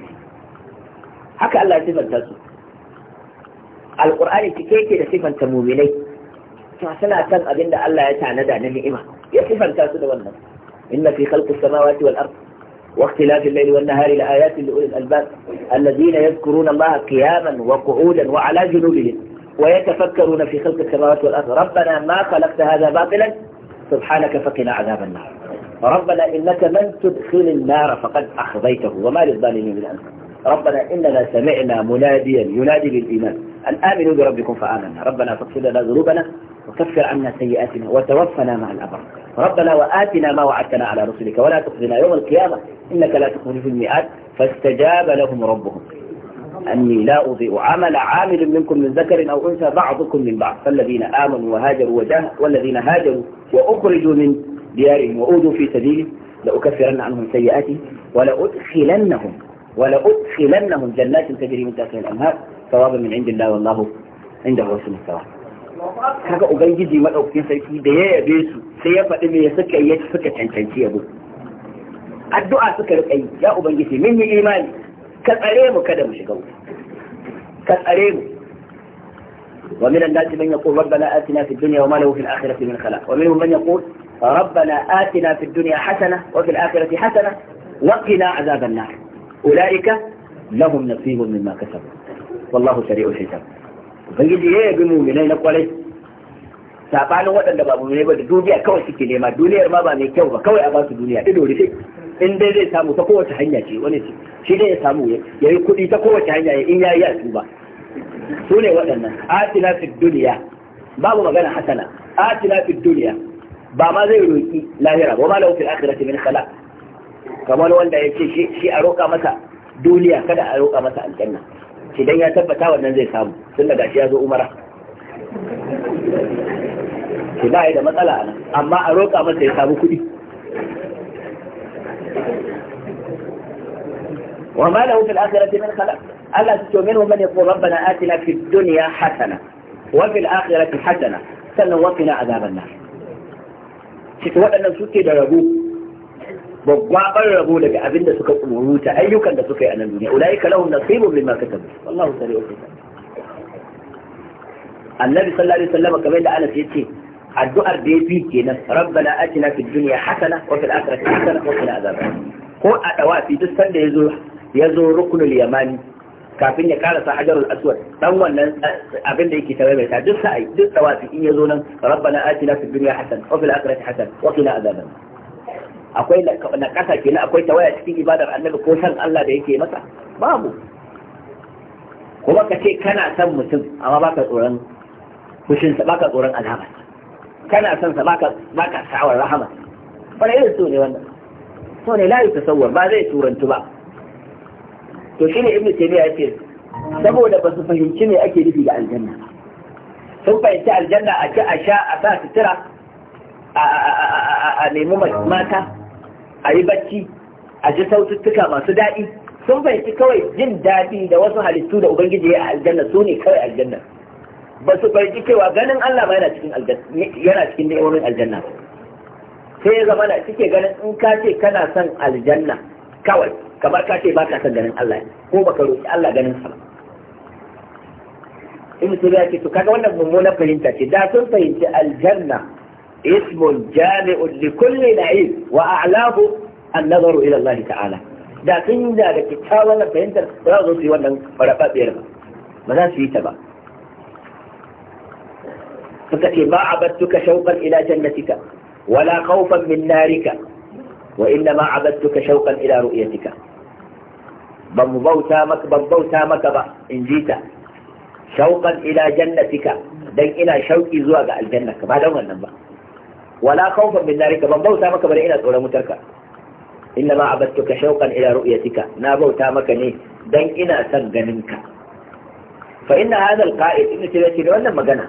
haka Allah ya sifanta su alqur'ani cike yake da sifanta mu'minai to suna san abin da Allah ya tanada na ni'ima ya sifanta su da wannan inna fi khalqis samawati wal ardh واختلاف الليل والنهار لآيات لأولي الألباب الذين يذكرون الله قياما وقعودا وعلى جنوبهم ويتفكرون في خلق السماوات والأرض ربنا ما خلقت هذا باطلا سبحانك فقنا عذاب النار ربنا إنك من تدخل النار فقد أخذيته وما للظالمين من أنصار ربنا إننا سمعنا مناديا ينادي بالإيمان أن آمنوا بربكم فآمنا ربنا فاغفر لنا ذنوبنا وكفر عنا سيئاتنا وتوفنا مع الأبرار ربنا وآتنا ما وعدتنا على رسلك ولا تخزنا يوم القيامة إنك لا تخلف الميعاد فاستجاب لهم ربهم أني لا أضيء عمل عامل منكم من ذكر أو أنثى بعضكم من بعض فالذين آمنوا وهاجروا وجاه والذين هاجروا وأخرجوا من ديارهم وأوذوا في سبيلي لأكفرن عنهم سيئاتي ولأدخلنهم ولأدخلنهم جنات تجري من تحتها الأنهار ثوابا من عند الله والله عنده حسن الثواب kaga ubangiji madaukakin sarki da ya yabe su sai ya faɗi me ya suka yi suka cancanci yabo addu'a suka rika yi ya ubangiji min yi imani ka ومن الناس من يقول ربنا آتنا في الدنيا وما له في الآخرة من خلاق ومنهم من يقول ربنا آتنا في الدنيا حسنة وفي الآخرة حسنة وقنا عذاب النار ulaika lahum nasibun mimma kasabu wallahu sari'ul hisab ubangiji ya yabi mu'minai na kwarai sabanin waɗanda ba ne ba da duniya kawai suke nema duniyar ma ba mai kyau ba kawai a ba su duniya ido rufe in dai zai samu ta kowace hanya ce wani ce shi ne ya samu ya yi kuɗi ta kowace hanya in ya yi a ba. su ne waɗannan atina fi duniya babu magana hasana atina fi duniya ba ma zai roƙi lahira ba ma lahu fil akhirati min khalaq kamar wanda ya ce shi a roƙa masa duniya kada a roƙa masa aljanna dan ya tabbata wannan zai samu tun daga gashi ya zo umara shi ba da matsala nan amma a roƙa masa ya samu kuɗi wa ma lahu fil akhirati min khalaq Allah ya ce minhum man yaqul rabbana atina fid dunya hasana wa fil akhirati hasana sannan wa qina azaban nar shi waɗannan suke da rabu babbar rabo daga abin da suka tsuruta ayyukan da suka yi a nan duniya ulaika lahum nasibun mimma katabu wallahu wa hisab annabi sallallahu alaihi wasallam kamar da Anas yace addu'ar da yafi kenan rabbana atina fid dunya hasana wa fil akhirati hasana wa qina adhaban ko a dawafi duk sanda yazo yazo ruknul yamani kafin ya karasa hajarul aswad dan wannan abin da yake tare mai duk sai duk dawafi in yazo nan rabbana atina fid dunya hasana wa fil akhirati hasana wa qina adhaban akwai na kasa na akwai tawaya cikin ibadar annabi ko san Allah da yake masa babu kuma ka ce kana son mutum amma baka tsoron sa baka tsoron alhama kana son sa baka baka sa'awar rahama wani irin so ne wannan so ne layu tasawwar ba zai turantu ba to shine ibnu taymiya ce saboda ba su fahimci me ake nufi da aljanna sun fahimci aljanna a ci a sha a sa sutura a nemi mata a yi bacci a ji saututtuka masu daɗi sun fahimci kawai jin daɗi da wasu halittu da ubangiji ya aljanna su ne kawai aljanna ba su fahimci cewa ganin Allah ba yana cikin aljanna yana cikin aljanna sai ya zama na cike ganin in ka ce kana son aljanna kawai kamar ka ce ba ka son ganin Allah ko ba ka roƙi Allah ganin sa ba su ya ce to kaga wannan mummunar fahimta ce da sun fahimci aljanna اسم جامع لكل لعيب وأعلاه النظر إلى الله تعالى da sun yi da da kyakkyawar fahimtar ba za su yi wannan farafaɗiyar ba ba za su yi ta ba suka ce ba a battuka shauƙan ila jannatika wala khawfan min narika wa inna ma abattuka shauƙan ila ru'yatika ban mu bauta maka ban bauta maka ba in ji ta shauƙan ila jannatika dan ina shauƙi zuwa ga aljanna ba dan wannan ba wala khawfan min narika ban bauta maka bane ina tsoron mutarka. inna ma abattuka shauqan ila ru'yatika na bauta maka ne dan ina son ganinka fa inna hadha alqa'id in ce da wannan magana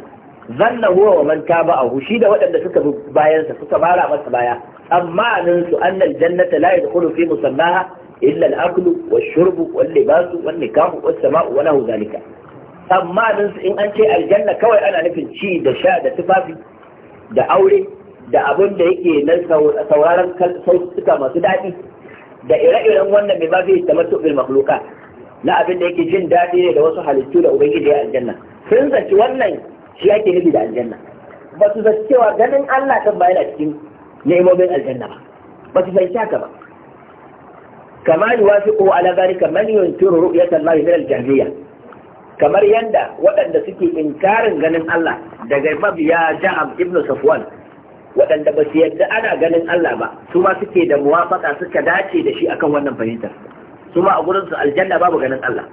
zanna huwa wa man tabi'ahu shi da waɗanda suka bi bayan sa suka bara masa baya amma nan su annal jannata la yadkhulu fi musallaha illa al-aklu wash-shurbu wal-libasu wan-nikahu was-sama'u wa lahu dhalika amma nan su in an ce aljanna kawai ana nufin ci da sha da tufafi da aure da abin da yake na sauraron sautuka masu daɗi da ire-iren wannan mai mafi da bil makhluqat na abin da yake jin daɗi ne da wasu halittu da ubangiji ya aljanna sun zaci wannan shi ake nufi da aljanna ba su zaci cewa ganin Allah kan bayan a cikin ni'imomin aljanna ba ba su san shaka ba Kamar yi wasu ko zalika man yunkiru ru'yata Allah min zirar jahmiyya kamar yadda waɗanda suke inkarin ganin Allah daga mabiya jaam ibn Safwan waɗanda ba su yadda ana ganin Allah ba su ma suke da muwafaka suka dace da shi akan wannan fahimtar su ma a gurin su aljanna babu ganin Allah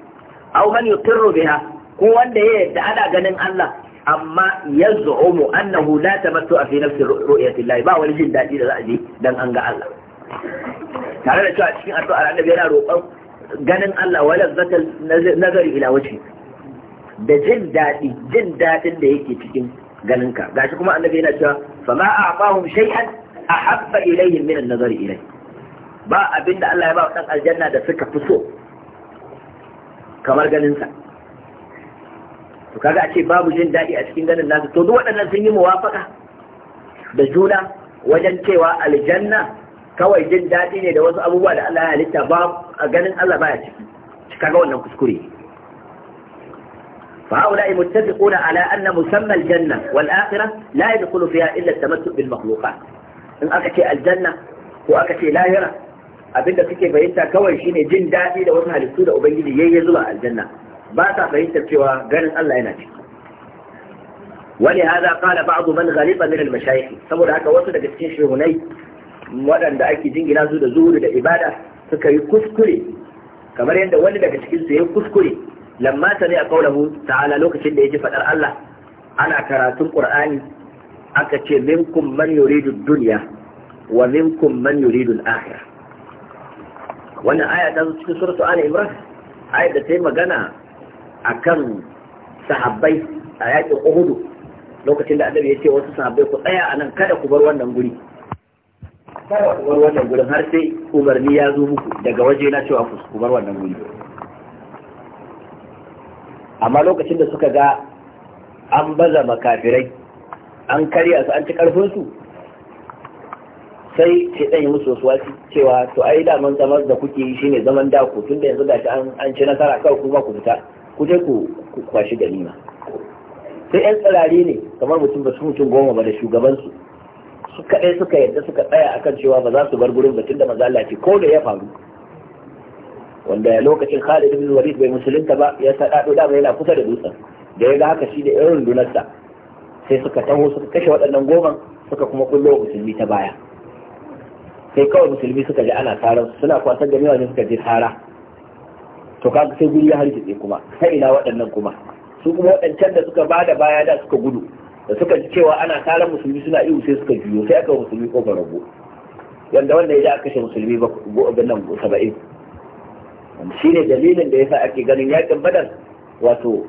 aw man yuqirru biha ko wanda ya yadda ana ganin Allah amma yaz'umu annahu la tamattu fi nafsi ru'yati Allah ba wani jin daɗi da za a ji dan an ga Allah tare da cewa cikin addu'a annabi yana roƙon ganin Allah wa lazzatal nazari ila wajhi da jin daɗi jin daɗin da yake cikin ganinka gashi kuma annabi yana cewa فما أعطاهم شيئا أحب إليهم من النظر إليه ba abin da Allah ya ba ɗan aljanna da suka fi so kamar ganinsa to kaga a ce babu jin daɗi a cikin ganin nasu to duk waɗannan sun yi muwafaka da juna wajen cewa aljanna kawai jin daɗi ne da wasu abubuwa da Allah ya halitta ba a ganin Allah baya ciki kaga wannan kuskure فهؤلاء متفقون على أن مسمى الجنة والآخرة لا يدخل فيها إلا التمسك بالمخلوقات إن أكتي الجنة ce لاهرة abinda suke fahimta kawai shine jin daɗi da wasu halittu da ubangiji yayi zuwa aljanna ba ta fahimtar cewa garin Allah yana ciki wani hada kala ba'du man ghaliba min al-mashayikh saboda haka wasu daga cikin shehunai waɗanda ake jingina su da zuhuri da ibada suka yi kuskure kamar yadda wani daga cikin su ya kuskure lamma ta ne a kaulahu ta'ala lokacin da ya ji faɗar Allah ana karatun Qur'ani aka ce minkum man yuridu dunya wa minkum man yuridu al-akhirah wannan aya ta zo cikin suratu Ali Imran ayar da ta yi magana akan sahabbai a yakin Uhud lokacin da Annabi ya ce wasu sahabbai ku tsaya anan kada ku bar wannan guri kada ku bar wannan guri har sai umarni ya zo muku daga waje na cewa ku bar wannan guri amma lokacin da suka ga an baza makafirai an karya su an ci karfinsu sai ce ɗan yi musu wasu cewa to ai daman zaman da kuke yi shine zaman ku, tun da yanzu gashi an ci nasara kawai kuma ku fita ku je ku kwashi ganima sai yan tsirare ne kamar mutum ba su mutum goma ba da shugabansu su kaɗai suka yadda suka tsaya akan cewa ba za su bar gurin batun da maza Allah ce ko da ya faru wanda lokacin Khalid ibn Walid bai musulunta ba ya sa dado da yana kusa da dutsen da ya ga haka shi da irin dunarsa sai suka taho suka kashe waɗannan goman suka kuma kullo musulmi ta baya sai kawai musulmi suka ji ana taron suna kwasan gani ne suka je tara to kaga sai guri ya hargitse kuma sai ina waɗannan kuma su kuma waɗancan da suka bada baya da suka gudu da suka ji cewa ana taron musulmi suna iyo sai suka juyo sai aka musulmi ko rago yanda wanda ya ji aka kashe musulmi ba nan 70 shi ne dalilin da ya fi ake ganin yakin badar wato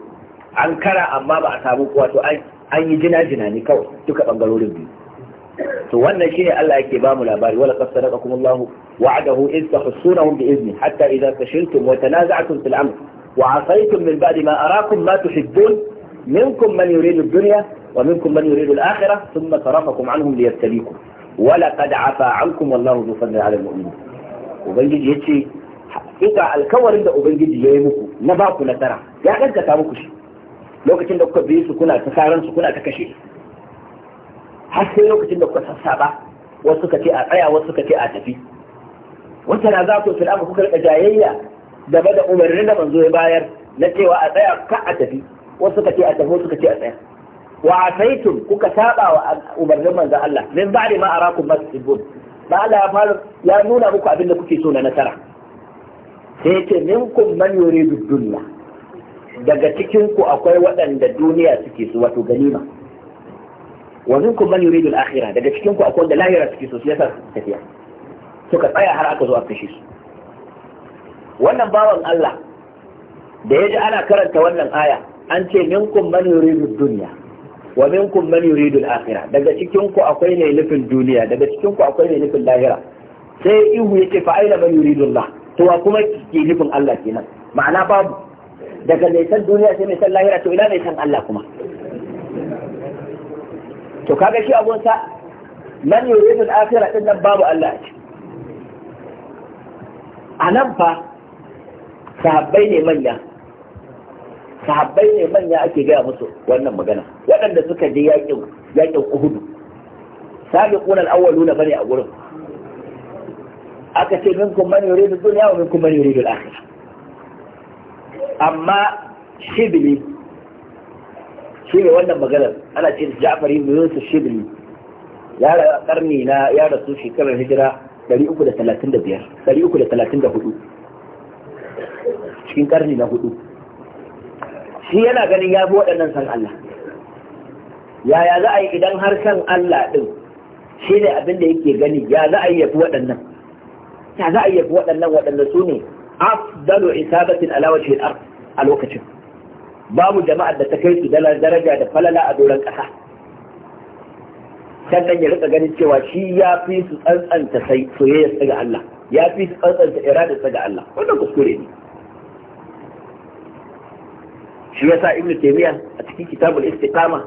an kara amma ba a samu wato an yi jina jina ne kawai duka bangarorin biyu to wannan shine Allah yake bamu labari wala qad sadaqakum Allah wa'adahu iz tahsunahum bi izni hatta idza fashiltum wa tanaza'tum fil amr wa 'asaytum min ba'di ma arakum ma tuhibbun minkum man yuridu ad-dunya wa minkum man yuridu al-akhirah thumma sarafakum 'anhum liyabtalikum wala qad 'afa 'ankum wallahu dhu fadlin ubangiji yace hakika alkawarin da ubangiji ya yi muku na ba ku nasara ya ɗaggata muku shi lokacin da kuka bi su kuna ta saran su kuna ta kashe har sai lokacin da kuka sassaba wasu suka ce a tsaya wasu suka ce a tafi wata na za ku fil'amu kuka rika jayayya game da umarnin da manzo ya bayar na cewa a tsaya ka a tafi wasu suka ce a tafi wasu suka ce a tsaya wa asaitum kuka saba wa umarnin manzo Allah min ba'di ma arakum masjidun ba Allah ya fara ya nuna muku abin da kuke so na nasara sai yace minkum man yuridu dunya daga cikin ku akwai waɗanda duniya suke su wato ganima wa minkum man yuridu al-akhirah daga cikin ku akwai da lahira suke so su yasa tafiya suka tsaya har aka zo a kashe su wannan bawan Allah da ya ji ana karanta wannan aya an ce minkum man yuridu dunya wa minkum man yuridu al-akhirah daga cikin ku akwai ne nufin duniya daga cikin ku akwai ne nufin lahira sai ihu yake fa aina man yuridu Allah to wa kuma ke nufin Allah kenan ma'ana babu daga mai san duniya sai mai san lahira to ina mai san Allah kuma to kaga shi abun sa man yuridu al-akhirah din nan babu Allah a nan fa sahabbai ne manya sahabbai ne manya ake gaya musu wannan magana waɗanda suka je yakin yakin Uhud sabiqun al-awwaluna bane a gurin aka ce minkum man yuridu dunya wa minkum man yuridu al-akhirah amma shibli shi ne wannan maganar ana ce Ja'far ibn Yusuf shibli ya rayu karni na ya rasu shekarar hijira 335 334 cikin karni na hudu shi yana ganin ya fi waɗannan san Allah yaya za a yi idan har san Allah ɗin shi ne abin da yake gani ya za a yi ya fi waɗannan ta za a yi waɗannan waɗanda su ne afdalu isabatin ala wajhi al-ard a lokacin babu jama'ar da ta kai su dalar daraja da falala a doron ƙasa sannan ya rika ganin cewa shi ya fi su tsantsanta sai soyayya ga Allah ya fi su tsantsanta irada ga Allah wannan kuskure ne shi yasa ibnu taymiya a cikin kitabul istiqama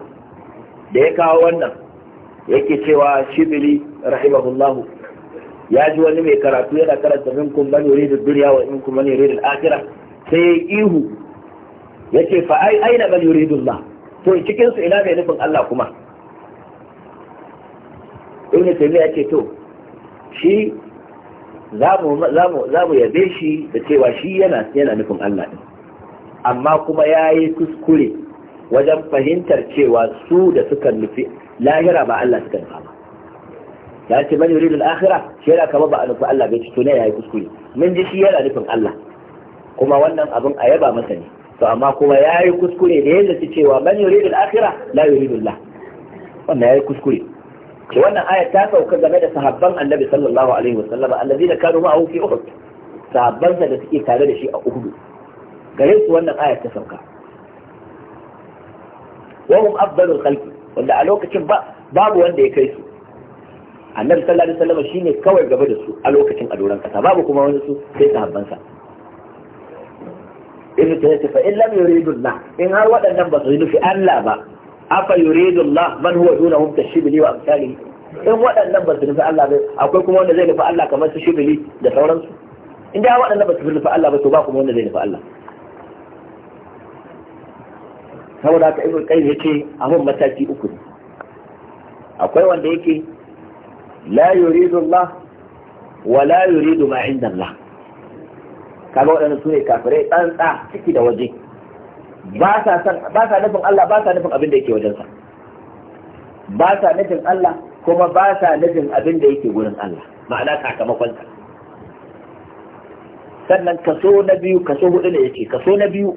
da ya kawo wannan yake cewa shibili rahimahullahu ya ji wani mai karatu yana karanta bani yuri da duniya wa minkum man yuri da akira sai ihu yace fa ai aina man yuridu Allah to cikin su ina mai nufin Allah kuma ibn taymiya yace to shi zamu zamu zamu yabe shi da cewa shi yana yana nufin Allah din amma kuma yayi kuskure wajen fahimtar cewa su da suka nufi lahira ba Allah suka nufa ba Ya ce man yuridu al-akhirah shi yana kama ba a nufi Allah bai fito ya yi kuskure mun ji shi yana nufin Allah kuma wannan abin a yaba masa ne to amma kuma ya yi kuskure da yadda su cewa man yuridu al-akhirah la yuridu Allah wannan ya yi kuskure to wannan aya ta sauka game da sahabban Annabi sallallahu alaihi wasallam allazina kanu ma'ahu fi Uhud sahabban da suke tare da shi a Uhud gare su wannan aya ta sauka wa hum afdalul khalqi wanda a lokacin ba babu wanda ya kai su annabi sallallahu alaihi wasallam shine kawai gaba da su a lokacin a doron kasa babu kuma wani su sai sahabban sa ta tayyib fa in lam yuridu Allah in har waɗannan ba su yi nufi Allah ba afa yuridu Allah man huwa dunahum kashibli wa amsalihi in waɗannan ba su nufi Allah ba akwai kuma wanda zai nufi Allah kamar su shibli da sauransu in da waɗannan ba su nufi Allah ba to ba kuma wanda zai nufi Allah saboda haka ibnu qayyim yace abun mataki uku akwai wanda yake la yuridu Allah wa la yuridu ma inda kaga waɗannan su ne kafirai tsantsa ciki da waje ba sa san, ba sa nufin Allah ba sa nufin abin da yake wajensa ba sa nufin Allah kuma ba sa nufin abin da yake gurin Allah ma'ana sakamakon ka sannan kaso na biyu kaso hudu ne yake kaso na biyu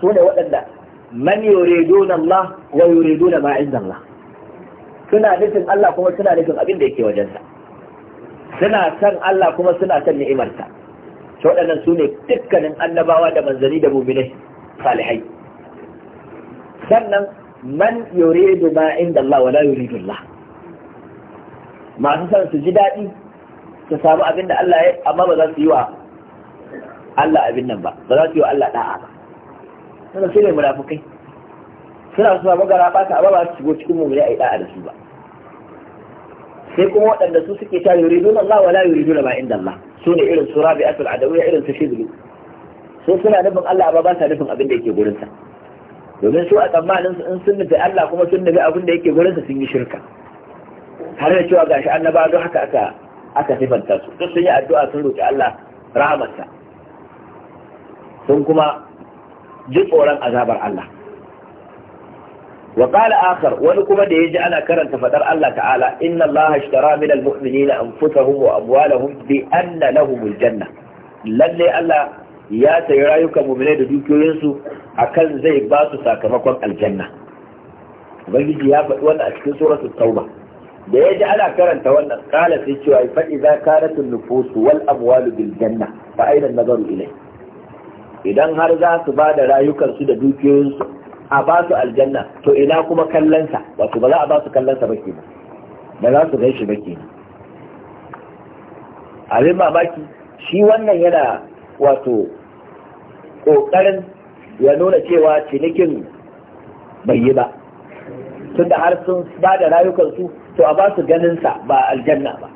su ne waɗanda man yuriduna Allah wa yuriduna ma inda Allah suna nufin Allah kuma suna nufin abin da yake wajensa suna san Allah kuma suna san ni'imarsa to waɗannan su ne dukkanin annabawa da manzanni da mu'minai salihai sannan man yuridu ma inda Allah wala yuridu Allah masu san su ji daɗi su samu abin da Allah ya amma ba za su yi wa Allah abin nan ba ba za su yi wa Allah da'a ba sannan su ne munafukai suna su samu gara ba ta ba ba su shigo cikin mu'minai a yi da'a da su ba sai kuma waɗanda su suke ta yuridun Allah wala yuridun ba inda Allah su ne irin su rabi'atul adawiyya irin su shizli su suna nufin Allah amma ba sa nufin abin da yake gurinsa domin su a tsammanin in sun nufi Allah kuma sun nufi abin da yake gurinsa sun yi shirka har da cewa gashi annaba don haka aka aka sifanta su duk sun yi addu'a sun roki Allah rahamarsa sun kuma ji tsoron azabar Allah wa qala akhar wani kuma da yaji ana karanta fadar Allah ta'ala inna Allah ashtara min almu'minina anfusahum wa amwalahum bi anna lahumul janna lalle Allah ya sayi rayukan mu'minai da dukiyoyinsu akan zai ba su sakamakon aljanna ubangiji ya faɗi wannan a cikin suratul tauba da yaji ana karanta wannan qala sai cewa fa idza kanatun nufusu wal amwalu bil janna fa aina nazaru ilai. idan har za su ba da rayukansu da dukiyoyinsu a ba su aljanna to ina kuma kallonsa wato ba za a ba su kallonsa ba ke ba za su gan shi ba ke abin mamaki shi wannan yana wato ƙoƙarin ya nuna cewa cinikin bai yi ba tunda har sun ba da rayukansu to a ba su ganinsa ba aljanna ba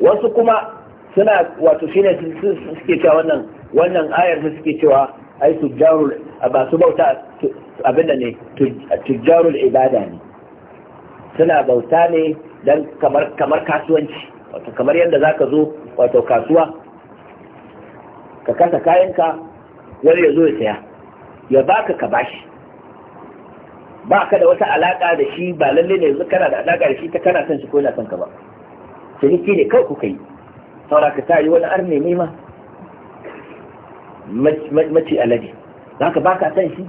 wasu kuma suna wato ne suke cewa wannan wannan ayar suke cewa ai tujjarul su bauta abinda ne tujjarul ibada ne suna bauta ne dan kamar kamar kasuwanci wato kamar yadda zaka zo wato kasuwa ka kasa kayanka wani ya zo ya saya ya baka ka bashi ba ka da wata alaka da shi ba lalle ne yanzu kana da alaka da shi ta kana son shi ko yana son ka ba ciniki ne kai kuka yi saura ka ta yi wani arne ne ma mace alade za ka baka san shi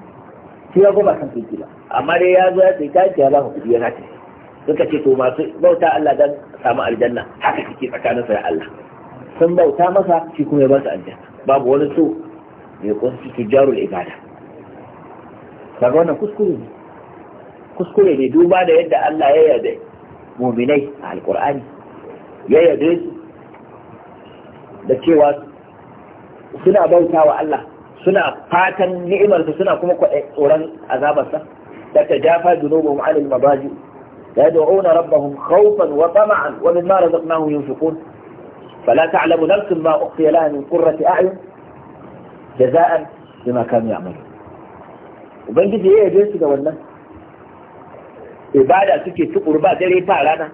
shi ya goma san kai ba amma dai ya zo ya sai ta ya ba ku kudi ya zata suka ce to masu bauta Allah dan samu aljanna haka kike tsakaninsa da Allah sun bauta masa shi kuma ya ba su aljanna babu wani so mai kunshi tijarul ibada kaga wannan kuskure ne kuskure ne duba da yadda Allah ya yarda muminai a alqur'ani ya yarda su da cewa suna bauta wa Allah suna fatan ni'imarsa suna kuma tsoron azabarsa تتجافى جنوبهم عن المضاجع يدعون ربهم خوفا وطمعا ومما رزقناهم ينفقون فلا تعلم نفس ما أخفي لها من قرة أعين جزاء بما كانوا يعملون ubangiji ya yabe su da wannan ibada suke tukuru ba dare ba rana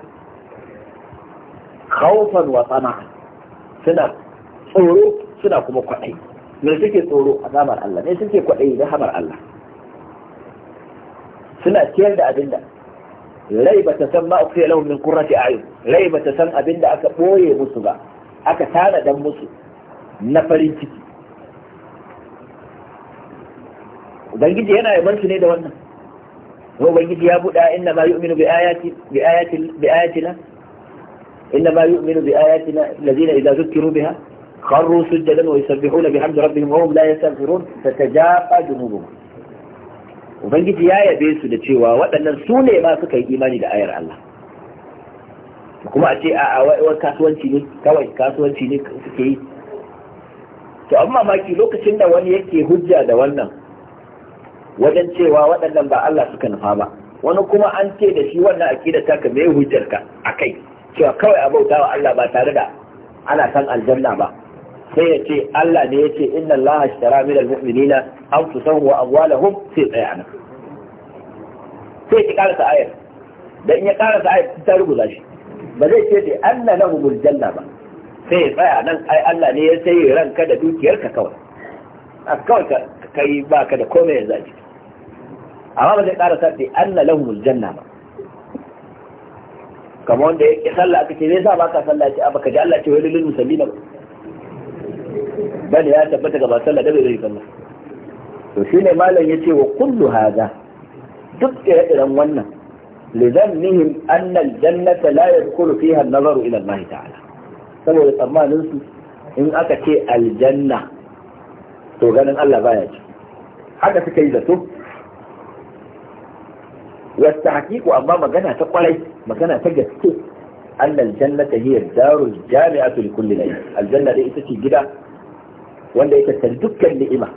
khawfan wa tama'an suna tsoro suna kuma kwaɗai yanzu suke tsoro a zamar Allah ne suke kwaɗai hamar Allah suna ciyar da abinda rai ba ta san ma ukhfiya lahum min qurrati a'yun rai ba ta san abinda aka boye musu ba aka tana dan musu na farin ciki ubangiji yana yi su ne da wannan ko ubangiji ya buɗa inna ma yu'minu bi ayati bi ayati bi ayatina inna ma yu'minu bi ayatina allazina idza zukkiru biha خروا سجدا ويسبحون بحمد ربهم وهم لا يستغفرون تتجافى جنوبهم ubangiji ya yabe su da cewa waɗannan su ne ma suka yi imani da ayar Allah kuma a ce a wai kasuwanci ne kawai kasuwanci ne suke yi to amma maki lokacin da wani yake hujja da wannan wajen cewa waɗannan ba Allah suka nufa ba wani kuma an ce da shi wannan akida ta ka me hujjarka kai. cewa kawai a bautawa Allah ba tare da ana san aljanna ba sai ya ce Allah ne ya ce inna Allah ashtara min almu'minina anfusahum wa amwalahum sai tsaya sai ki karasa ayar da in ya karasa ayar ta rubuta shi ba zai ce da anna lahumul janna ba sai ya tsaya nan ai Allah ne ya sai ranka da dukiyarka kawai a kawai ka kai baka da komai yanzu a amma ba zai karasa da anna lahumul janna ba kamar wanda ya ki sallah aka ce zai sa baka sallah ce a baka ji Allah ce wani lil ba bal ya tabbata ga ba sallah da bai sallah to shine malam yace wa kullu hada duk ire-iren wannan لذنهم أن الجنة لا يدخل فيها النظر إلى الله تعالى saboda tsammanin su in aka ce aljanna to ganin Allah baya ci haka suka yi zato wasta hakiku amma magana ta kwarai magana ta gaske annal jannata hiya darul jami'atu li kulli layl aljanna dai ita ce gida wanda ya tattali dukkan ni'ima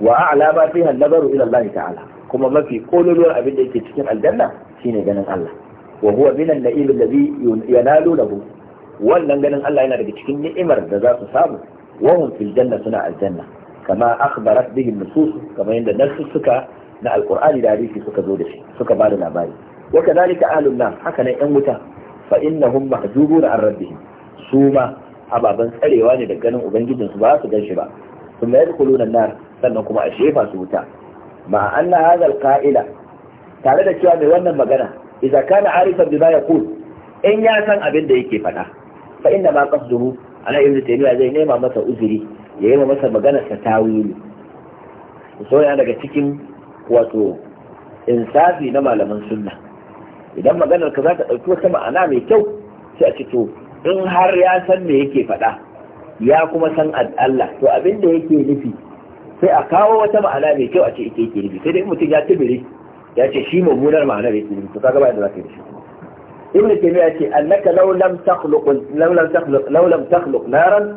wa a'la ma fiha nazaru ila Allah ta'ala kuma mafi kololuwar abin da yake cikin aljanna shine ganin Allah wa huwa min an-na'im alladhi yanalu lahu wannan ganin Allah yana daga cikin ni'imar da za su samu wa hum fil janna suna aljanna kama akhbarat bihi nusus kama yanda nasu suka na alqur'ani da hadisi suka zo da shi suka bada labari wa kadhalika ahlun nar haka nan yan wuta fa innahum mahjubuna an rabbihim suma ababen tsarewa ne da ganin ubangijinsu ba su gan shi ba kuma yadkhuluna an nan sannan kuma a shefa su wuta ma anna hadha tare da cewa mai wannan magana idza kana arifan bima yaqul in ya san abin da yake faɗa fa inna ma qasduhu ala ibn taymiya zai nema masa uzuri ya yi masa magana ta tawili so ya daga cikin wato insafi na malaman sunna idan maganar ka za ta ɗauki wata ma'ana mai kyau sai a ce to in har ya san me yake faɗa ya kuma san Allah to abin da yake nufi sai a kawo wata ma'ana mai kyau a ce ita yake nufi sai dai mutum ya tibiri ya ce shi mummunar ma'anar yake nufi to kaga ba yadda za ka yi shi ibnu taymiya ce annaka law lam takhluq law lam takhluq law lam takhluq naran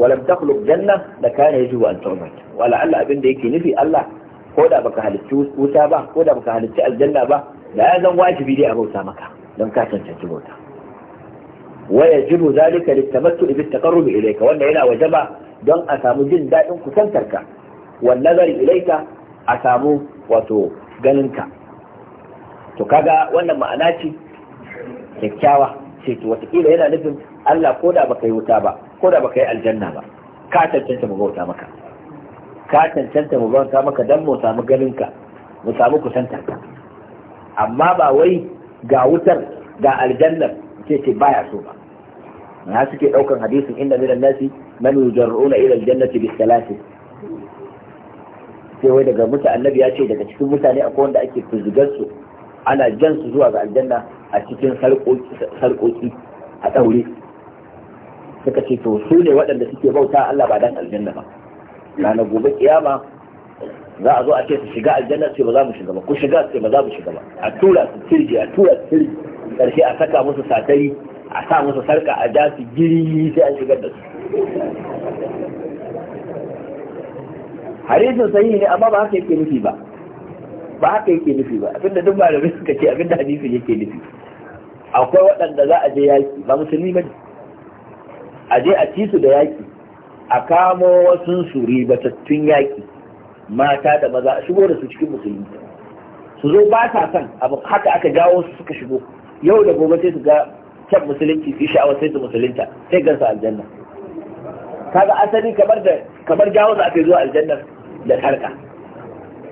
wa lam takhluq janna la kana yajibu an tu'mat Wala la'alla abin da yake nufi Allah ko da baka halicci wuta ba ko da baka halicci aljanna ba da ya zan wajibi dai a bauta maka don ka cancanci bauta wa yajibu zalika litamattu bi taqarrub ilayka wanda yana wajaba don a samu jin dadin kusantarka wal nazari ilayka a samu wato ganinka to kaga wannan ma'ana ce kyakkyawa ce to wataƙila yana nufin Allah ko da baka yi wuta ba ko da baka yi aljanna ba ka tantance mu bauta maka ka tantance mu bauta maka dan mu samu ganinka mu samu amma ba wai ga wutar ga aljannar ce ce baya so ba na suke daukan hadisin inda min nasi man yujarruna ila aljannati bis salati sai wai daga muta annabi ya ce daga cikin mutane akwai wanda ake fuzugar su ana jan su zuwa ga aljanna a cikin sarkoki a daure suka ce to su ne waɗanda suke bauta Allah ba dan aljanna ba ranar gobe kiyama za a zo a ce su shiga aljanna sai ba za mu shiga ba ku shiga sai ba za mu shiga ba a tura su tirji a tura su tirji karshe a saka musu satari a sa musu sarka a ja su giri sai an shigar da su hadisin sahihi ne amma ba haka yake nufi ba ba haka yake nufi ba abinda duk malamai suka ce abinda hadisin yake nufi akwai waɗanda za a je yaki ba musulmi ba ne a je a ci su da yaki a kamo wasu su tattun yaki mata da maza a shigo da su cikin musulmi su zo ba sa son abu haka aka jawo su suka shigo yau da gobe sai su ga kyan musulunci su sha'awar sai su musulunta sai gansa aljanna kaga asali kamar da kamar jawo za a zuwa aljanna da sarka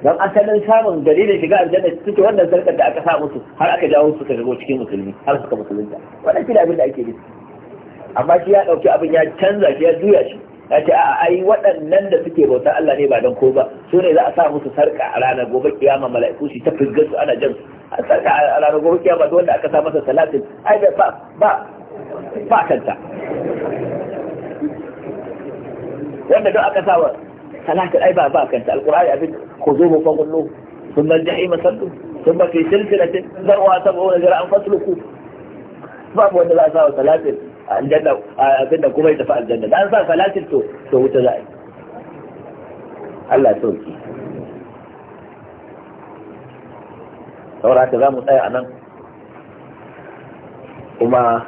don asalin samun dalilin shiga aljanna suke wannan sarkar da aka sa musu har aka jawo su ka shigo cikin musulmi har suka musulunta wannan shi da abin da ake nufi amma shi ya dauki abin ya canza shi ya juya shi ya ce a ai waɗannan da suke bautar Allah ne ba don ko ba su ne za a sa musu sarka a ranar gobe kiyama mala'iku shi ta fisgar su ana jan su a sarka a ranar gobe kiyama duk wanda aka sa masa salatin ai ba ba ba kanta wanda don aka sa wa salatin ai ba ba kanta alqur'ani abin khuzuhu fa qullu thumma al-jahima sallu thumma fi silsilatin zarwa sab'una zara'an fasluku mu wanda za a sa wa salatin aljanna abin da kuma ya tafi aljanna da an sa salatin to to wuta za a yi Allah ya sauke saboda haka za mu tsaya a nan kuma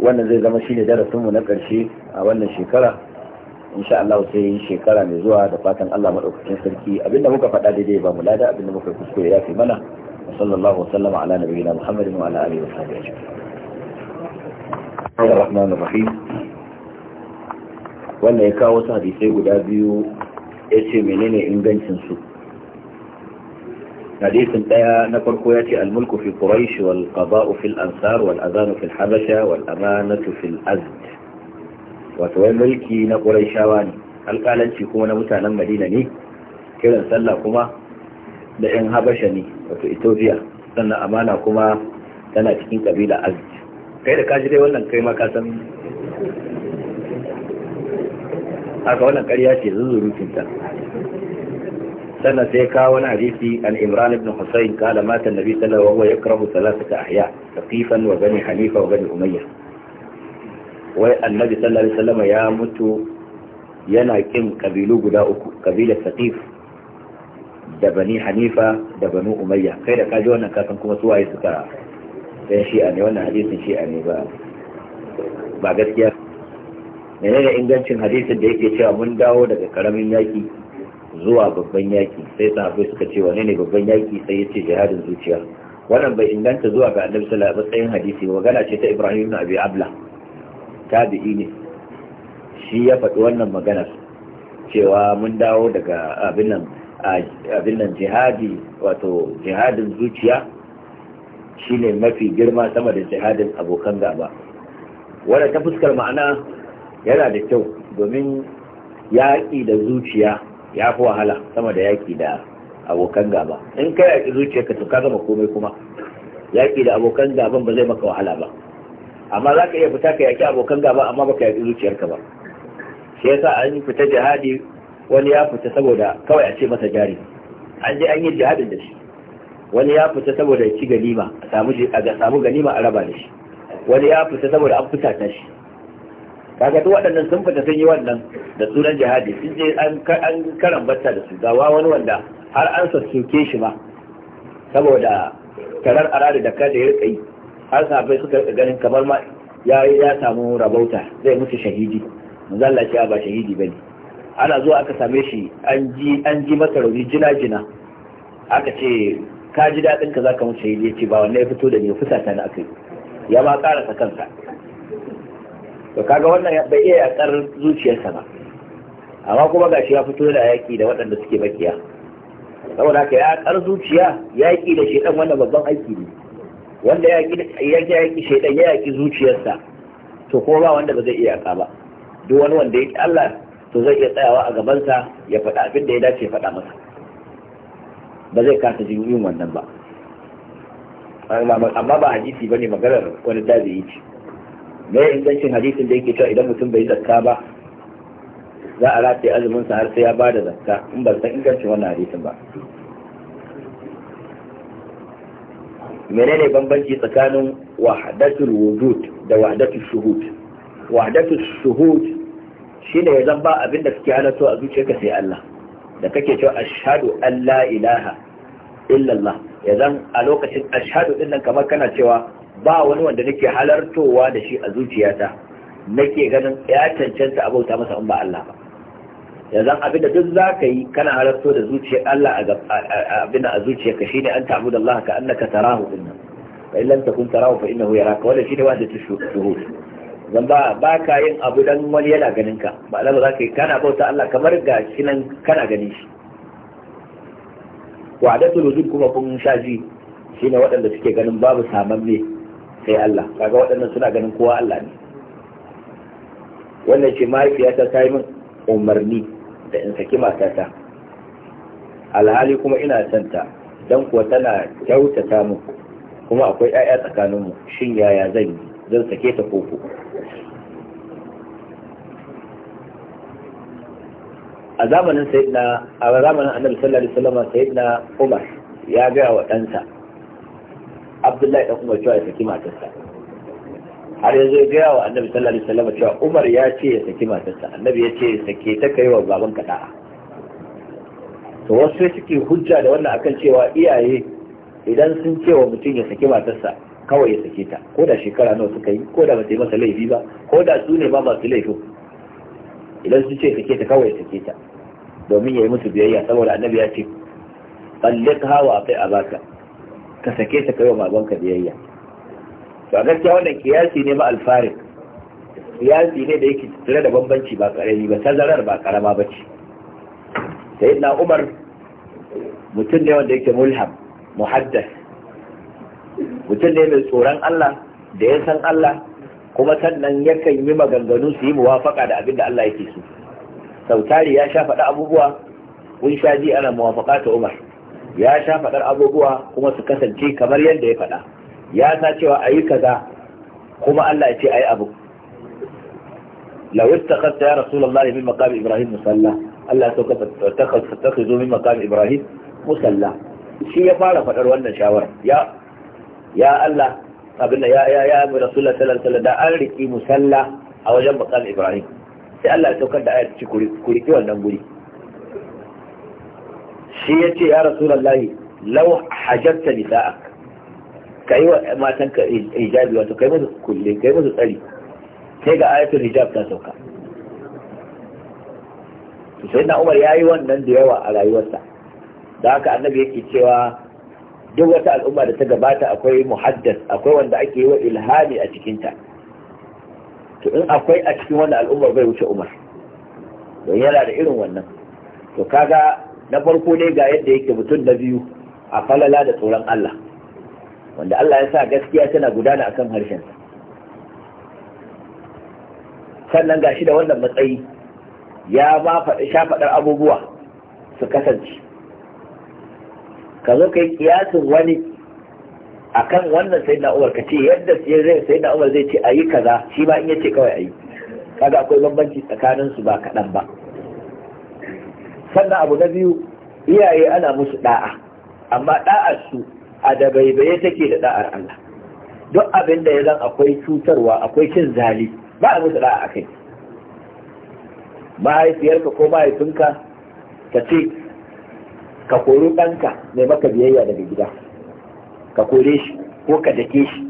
wannan zai zama shine darasinmu na ƙarshe a wannan shekara insha Allah sai shekara mai zuwa da fatan Allah maɗaukacin sarki abinda muka faɗa daidai ba mu lada abinda muka kuskure ya fi mana sallallahu ala Muhammadin wa ala alihi wa sahbihi ajma'in ya kawo wasu hadisai guda biyu ya ce menene ingancinsu hadisin daya na farko ya ce almulku fi quraish wal qada'u fil ansar wal adhanu fil habasha wal amanatu fil azd wato wai mulki na quraishawa ne alƙalanci kuma na mutanen madina ne kiran sallah kuma da yan habasha ne wato ethiopia sannan amana kuma tana cikin kabila azd kai da kaji dai wannan kai ma ka san haka wannan ƙarya ce zuzurutunta sannan sai kawo wani hadisi an imran ibn husayn kala mata annabi sallallahu alaihi wasallam wa yakrahu thalathata ahya saqifan wa bani hanifa wa bani umayya wai annabi sallallahu alaihi wasallam ya mutu yana kin kabilu guda uku kabilar saqif da bani hanifa da bani umayya kai da kaji wannan kasan kuma su waye suka dan shi'a ne wannan hadisin shi'a ne ba ba gaskiya menene ingancin hadisin da yake cewa mun dawo daga karamin yaki zuwa babban yaki sai sahabbai suka ce wane ne babban yaki sai yace jihadin zuciya wannan bai inganta zuwa ga annabi sallallahu alaihi wasallam hadisi magana ce ta Ibrahim ibn Abi Abla tabi'i ne shi ya faɗi wannan magana cewa mun dawo daga abin nan abin nan jihadi wato jihadin zuciya shine mafi girma sama da jihadin abokan gaba wanda ta fuskar ma'ana yana da kyau domin yaƙi da zuciya ya fi wahala sama da yaƙi da abokan gaba in ka yaƙi zuciyarka to ka gama komai kuma yaƙi da abokan gaban ba zai maka wahala ba amma za ka iya fita ka yaƙi abokan gaba amma baka yaƙi zuciyarka ba shi yasa an fita jihadi wani ya fita saboda kawai a ce masa jari an je an yi jihadin da shi wani ya fita saboda ya ci ganima a samu ganima a raba da shi wani ya fita saboda an ta shi kaga duk waɗannan sun fita sun yi wannan da sunan jihadi sun je an karambata da su ga wani wanda har an sassoke shi ma saboda tarar arari da kada ya rika yi har sahabbai suka rika ganin kamar ma ya ya samu rabauta zai mutu shahidi manzalla ce ba shahidi bane ana zuwa aka same shi an ji an ji masa rauni jina jina aka ce ka ji daɗin ka zaka mutu shahidi ya ce ba wanne ya fito da ni fusata na akai ya ma karasa kansa to kaga wannan bai iya yakar zuciyarsa ba amma kuma gashi ya fito da yaki da waɗanda suke bakiya saboda haka ya yakar zuciya yaki da shedan wannan babban aiki ne wanda ya yaki yaki shedan ya yaki zuciyarsa to ko ba wanda ba zai iya yaka ba duk wani wanda ya Allah to zai iya tsayawa a gabansa ya faɗa abin da ya dace ya faɗa masa ba zai kasa yin wannan ba amma ba hadisi bane maganar wani yi ce me ingancin hadisin da yake cewa idan mutum bai zakka ba za a rataye azumin sa har sai ya bada zakka in ba san ingancin wannan hadisin ba menene bambanci tsakanin wahdatul wujud da wahdatul shuhud wahdatul shuhud shine ya zan ba abin da kake halatto a zuciyarka sai Allah da kake cewa ashhadu an la ilaha illallah ya zan a lokacin ashhadu din nan kamar kana cewa ba wani wanda nake halartowa da shi a zuciyata nake ganin ya cancanta abauta masa in ba Allah ba yanzu abin da duk zaka yi kana halarto da zuciyar Allah abin a zuciyarka shine an ta'budu da Allah ka annaka tarahu inna fa in lam takun tarahu fa innahu yaraka wala shine wanda ta shuhud zan ba ba ka yin abu dan wani yana ganin ka ba Allah zaka yi kana bauta Allah kamar ga shi nan kana ganin shi wa'adatul wujud kuma kun shaji shine waɗanda suke ganin babu samamme sai Allah kaga waɗannan suna ganin kowa Allah ne wannan ce mahaifiyata ta yi min umarni da in saki matata alhali kuma ina son ta dan kuwa tana kyautata mu kuma akwai 'ya'ya tsakaninmu shin yaya zan yi zan sake ta koko a zamanin sayyidina a zamanin annabi sallallahu alaihi wasallam sayyidina Umar ya ga wa ɗansa abdullahi dan umar cewa ya saki matarsa har yanzu ya gaya wa annabi sallallahu alaihi wasallam cewa umar ya ce ya saki matarsa annabi ya ce sake ta kai wa baban ka da'a to wasu sai suke hujja da wannan akan cewa iyaye idan sun ce wa mutum ya saki matarsa kawai ya sake ta ko da shekara nawa suka yi ko da ba sai yi masa laifi ba ko da su ne ba masu laifi. idan sun ce sake ta kawai ya sake ta domin ya yi musu biyayya saboda annabi ya ce tsallika hawa a kai a baka ka sake ta kai wa babanka biyayya to a gaskiya wannan kiyasi ne ma alfarik kiyasi ne da yake tare da bambanci ba karami ba tazarar ba karama ba ce sai na umar mutum ne wanda yake mulham muhaddas mutum ne mai tsoron Allah da ya san Allah kuma sannan yakan yi maganganu su yi muwafaka da abin da Allah yake so sautari ya sha faɗa abubuwa kun sha ji ana muwafaka ta umar ya sha faɗar abubuwa kuma su kasance kamar yadda ya faɗa ya sa cewa a yi kaza kuma Allah ya ce a yi abu لو اتخذت يا رسول الله Ibrahim Musalla. Allah ya sauka ta فاتخذوا min مقام Ibrahim Musalla. shi ya fara faɗar wannan shawar? ya ya Allah abin ya ya ya bi rasulullah sallallahu alaihi da an riki musalla a wajen maqam Ibrahim sai Allah ya saukar da ayat ci kuri kuri wannan guri shi ya ce ya rasu lallahi lau hajarta nisa'a. ka yi wa matanka hijabi wato kai musu kulle kai masu tsari sai ga ayatul hijab ta sauka sai na umar ya yi wannan da yawa a rayuwarsa da haka annabi yake cewa duk wata al'umma da ta gabata akwai muhaddas akwai wanda ake yi wa ilhami a cikinta to in akwai a cikin wannan al'ummar bai wuce umar don yana da irin wannan to kaga na farko dai ga yadda yake mutum na biyu a falala da tsoron Allah wanda Allah ya sa gaskiya tana gudana akan harshen sannan ga shi da wannan matsayi ya ma faɗi shafaɗar abubuwa su kasance ka zo ka yi kiyasin wani akan wannan sai na umar ka ce yadda sai na umar zai ce ayi kaza shi ba in yace kawai ayi. yi kaga akwai bambanci tsakanin su ba kaɗan ba sannan abu na biyu iyaye ana musu da'a amma da'ar su a da baibaye take da da'ar Allah duk abin da ya zan akwai cutarwa akwai cin zali ba a musu da'a akai mahaifiyarka ko mahaifinka ka ce ka kori ɗanka mai maka biyayya daga gida ka kore shi ko ka dake shi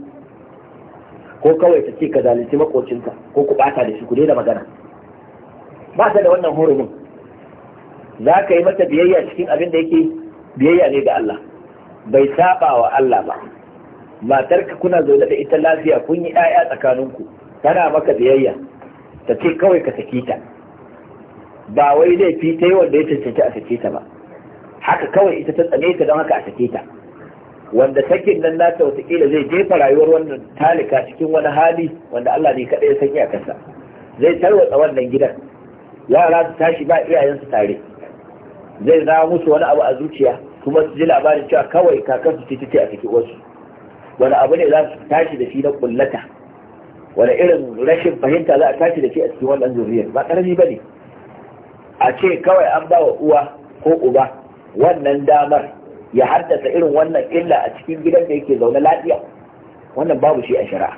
ko kawai ta ce ka zalunci makocinka ko ku bata da shi ku daina magana ba ta da wannan hurumin za ka yi mata biyayya cikin abin da yake biyayya ne ga Allah bai saba wa Allah ba matarka kuna zaune da ita lafiya kun yi ɗaya tsakaninku tana maka biyayya ta ce kawai ka saki ta ba wai laifi ta yi wanda ya cancanci a sake ta ba haka kawai ita ta tsane ta don haka a sake ta wanda sakin nan nata watakila zai jefa rayuwar wannan talika cikin wani hali wanda Allah ne kaɗai ya sanya kansa. zai tarwatsa wannan gidan yara su tashi ba iyayensu tare zai zama musu wani abu a zuciya kuma su ji labarin cewa kawai kakan su titi a cikin wasu wani abu ne za su tashi da shi na kullata wani irin rashin fahimta za a tashi da shi a cikin wannan zuriyar ba karami ba ne a ce kawai an ba wa uwa ko uba wannan damar ya haddasa irin wannan illa a cikin gidan da yake zaune lafiya wannan babu shi a shari'a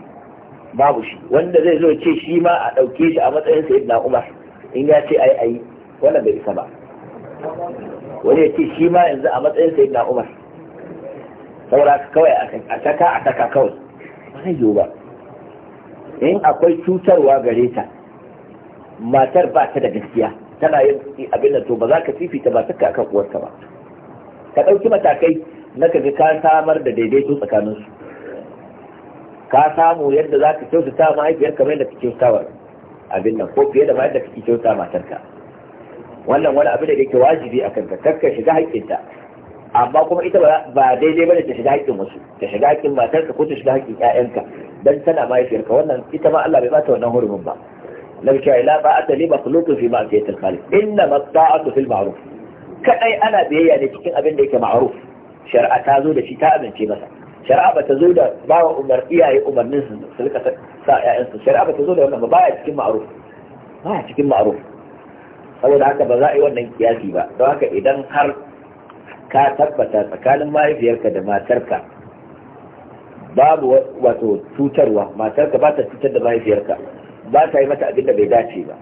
babu shi wanda zai zo ce shi ma a ɗauke shi a matsayin sayyidina umar in ya ce ai ai wannan bai isa ba wani ya ce shi ma yanzu a matsayin sai na umar saura kawai a taka a taka kawai ba zai yiwu ba in akwai cutarwa gare ta matar ba ta da gaskiya tana yin abin da to ba za ka fifita ba taka akan uwarka ba ka ɗauki matakai na ka ka samar da daidaito tsakaninsu ka samu yadda za ka kyautata mahaifiyarka mai da kake kyautawar abin nan ko fiye da ma yadda kake kyauta matarka wannan wani abu da yake wajibi a kanka kakka shiga haƙƙinta amma kuma ita ba daidai bane ta shiga haƙƙin wasu ta shiga haƙƙin matarka ko ta shiga haƙƙin ƴaƴanka dan tana mahaifiyarka wannan ita ma Allah bai bata wannan hurumin ba nabi cewa la ba'ata li makhluqin fi ma'siyatil khaliq inna mata'atu fil ma'ruf kadai ana biyayya ne cikin abin da yake ma'ruf shari'a ta zo da shi ta amince masa shari'a ba ta zo da bawa umar iyaye umarnin su su rika sa ƴaƴansu shari'a ba ta zo da wannan ba baya cikin ma'ruf baya cikin ma'ruf saboda haka ba za a yi wannan kiyasi ba don haka idan har ka tabbata tsakanin mahaifiyarka da matarka babu wato cutarwa matarka ba ta cutar da mahaifiyarka ba ta yi mata abin da bai dace ba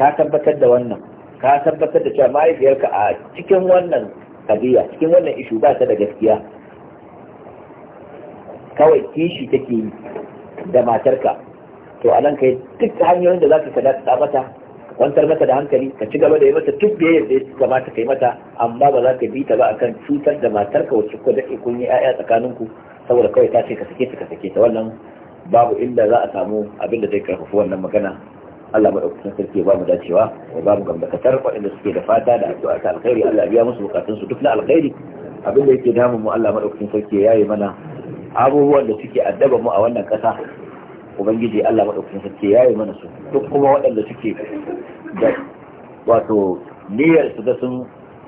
ka tabbatar da wannan ka tabbatar da cewa mahaifiyarka a cikin wannan kabiya cikin wannan ishu ba ta da gaskiya kawai kishi take yi da matarka to anan kai duk hanyoyin da za ka kada ta mata kwantar mata da hankali ka ci gaba da yi mata duk biyayyar da ya kamata ka yi mata amma ba za ka bi ta ba akan cutar da matar ka wacce ko da kun yi ƴaƴa tsakaninku saboda kawai ta ce ka sake ta ka sake ta wannan babu inda za a samu abin da zai karfafi wannan magana Allah madaukakin sarki ba mu dacewa ya ba mu gamdakatar waɗanda suke da fata da addu'a ta alkhairi Allah biya musu bukatun su duk na alkhairi abin da yake damun mu Allah madaukakin sarki ya yi mana abubuwan da suke addaba mu a wannan ƙasa ubangiji Allah madaukakin sarki ya yi mana su duk kuma waɗanda suke da wato niyyar su da sun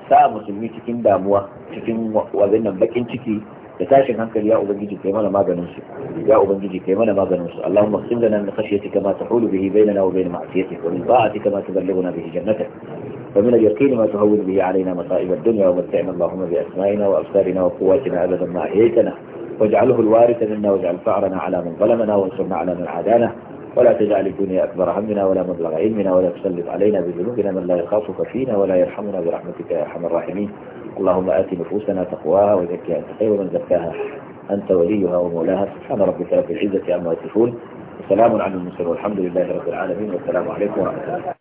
sa musulmi cikin damuwa cikin wazin nan bakin ciki da tashin hankali ya ubangiji kai mana maganin su ya ubangiji kai mana maganin su Allahumma qsim lana min khashyatika ma tahulu bihi bainana wa bain ma'siyatik wa min ta'atika ma tuballighuna bihi jannatak ومن اليقين ما تهون به علينا مصائب الدنيا ومتعنا اللهم بأسمائنا وأبصارنا وقواتنا أبدا ما أحييتنا واجعله الوارث منا واجعل فأرنا على من ظلمنا وانصرنا على من عادانا ولا تجعل الدنيا أكبر همنا ولا مبلغ علمنا ولا تسلط علينا بذنوبنا من لا يخافك فينا ولا يرحمنا برحمتك يا أرحم الراحمين اللهم آت نفوسنا تقواها وزكها أنت خير من زكاها أنت وليها ومولاها سبحان ربك رب العزة عما يصفون وسلام على المرسلين والحمد لله رب العالمين والسلام عليكم ورحمة الله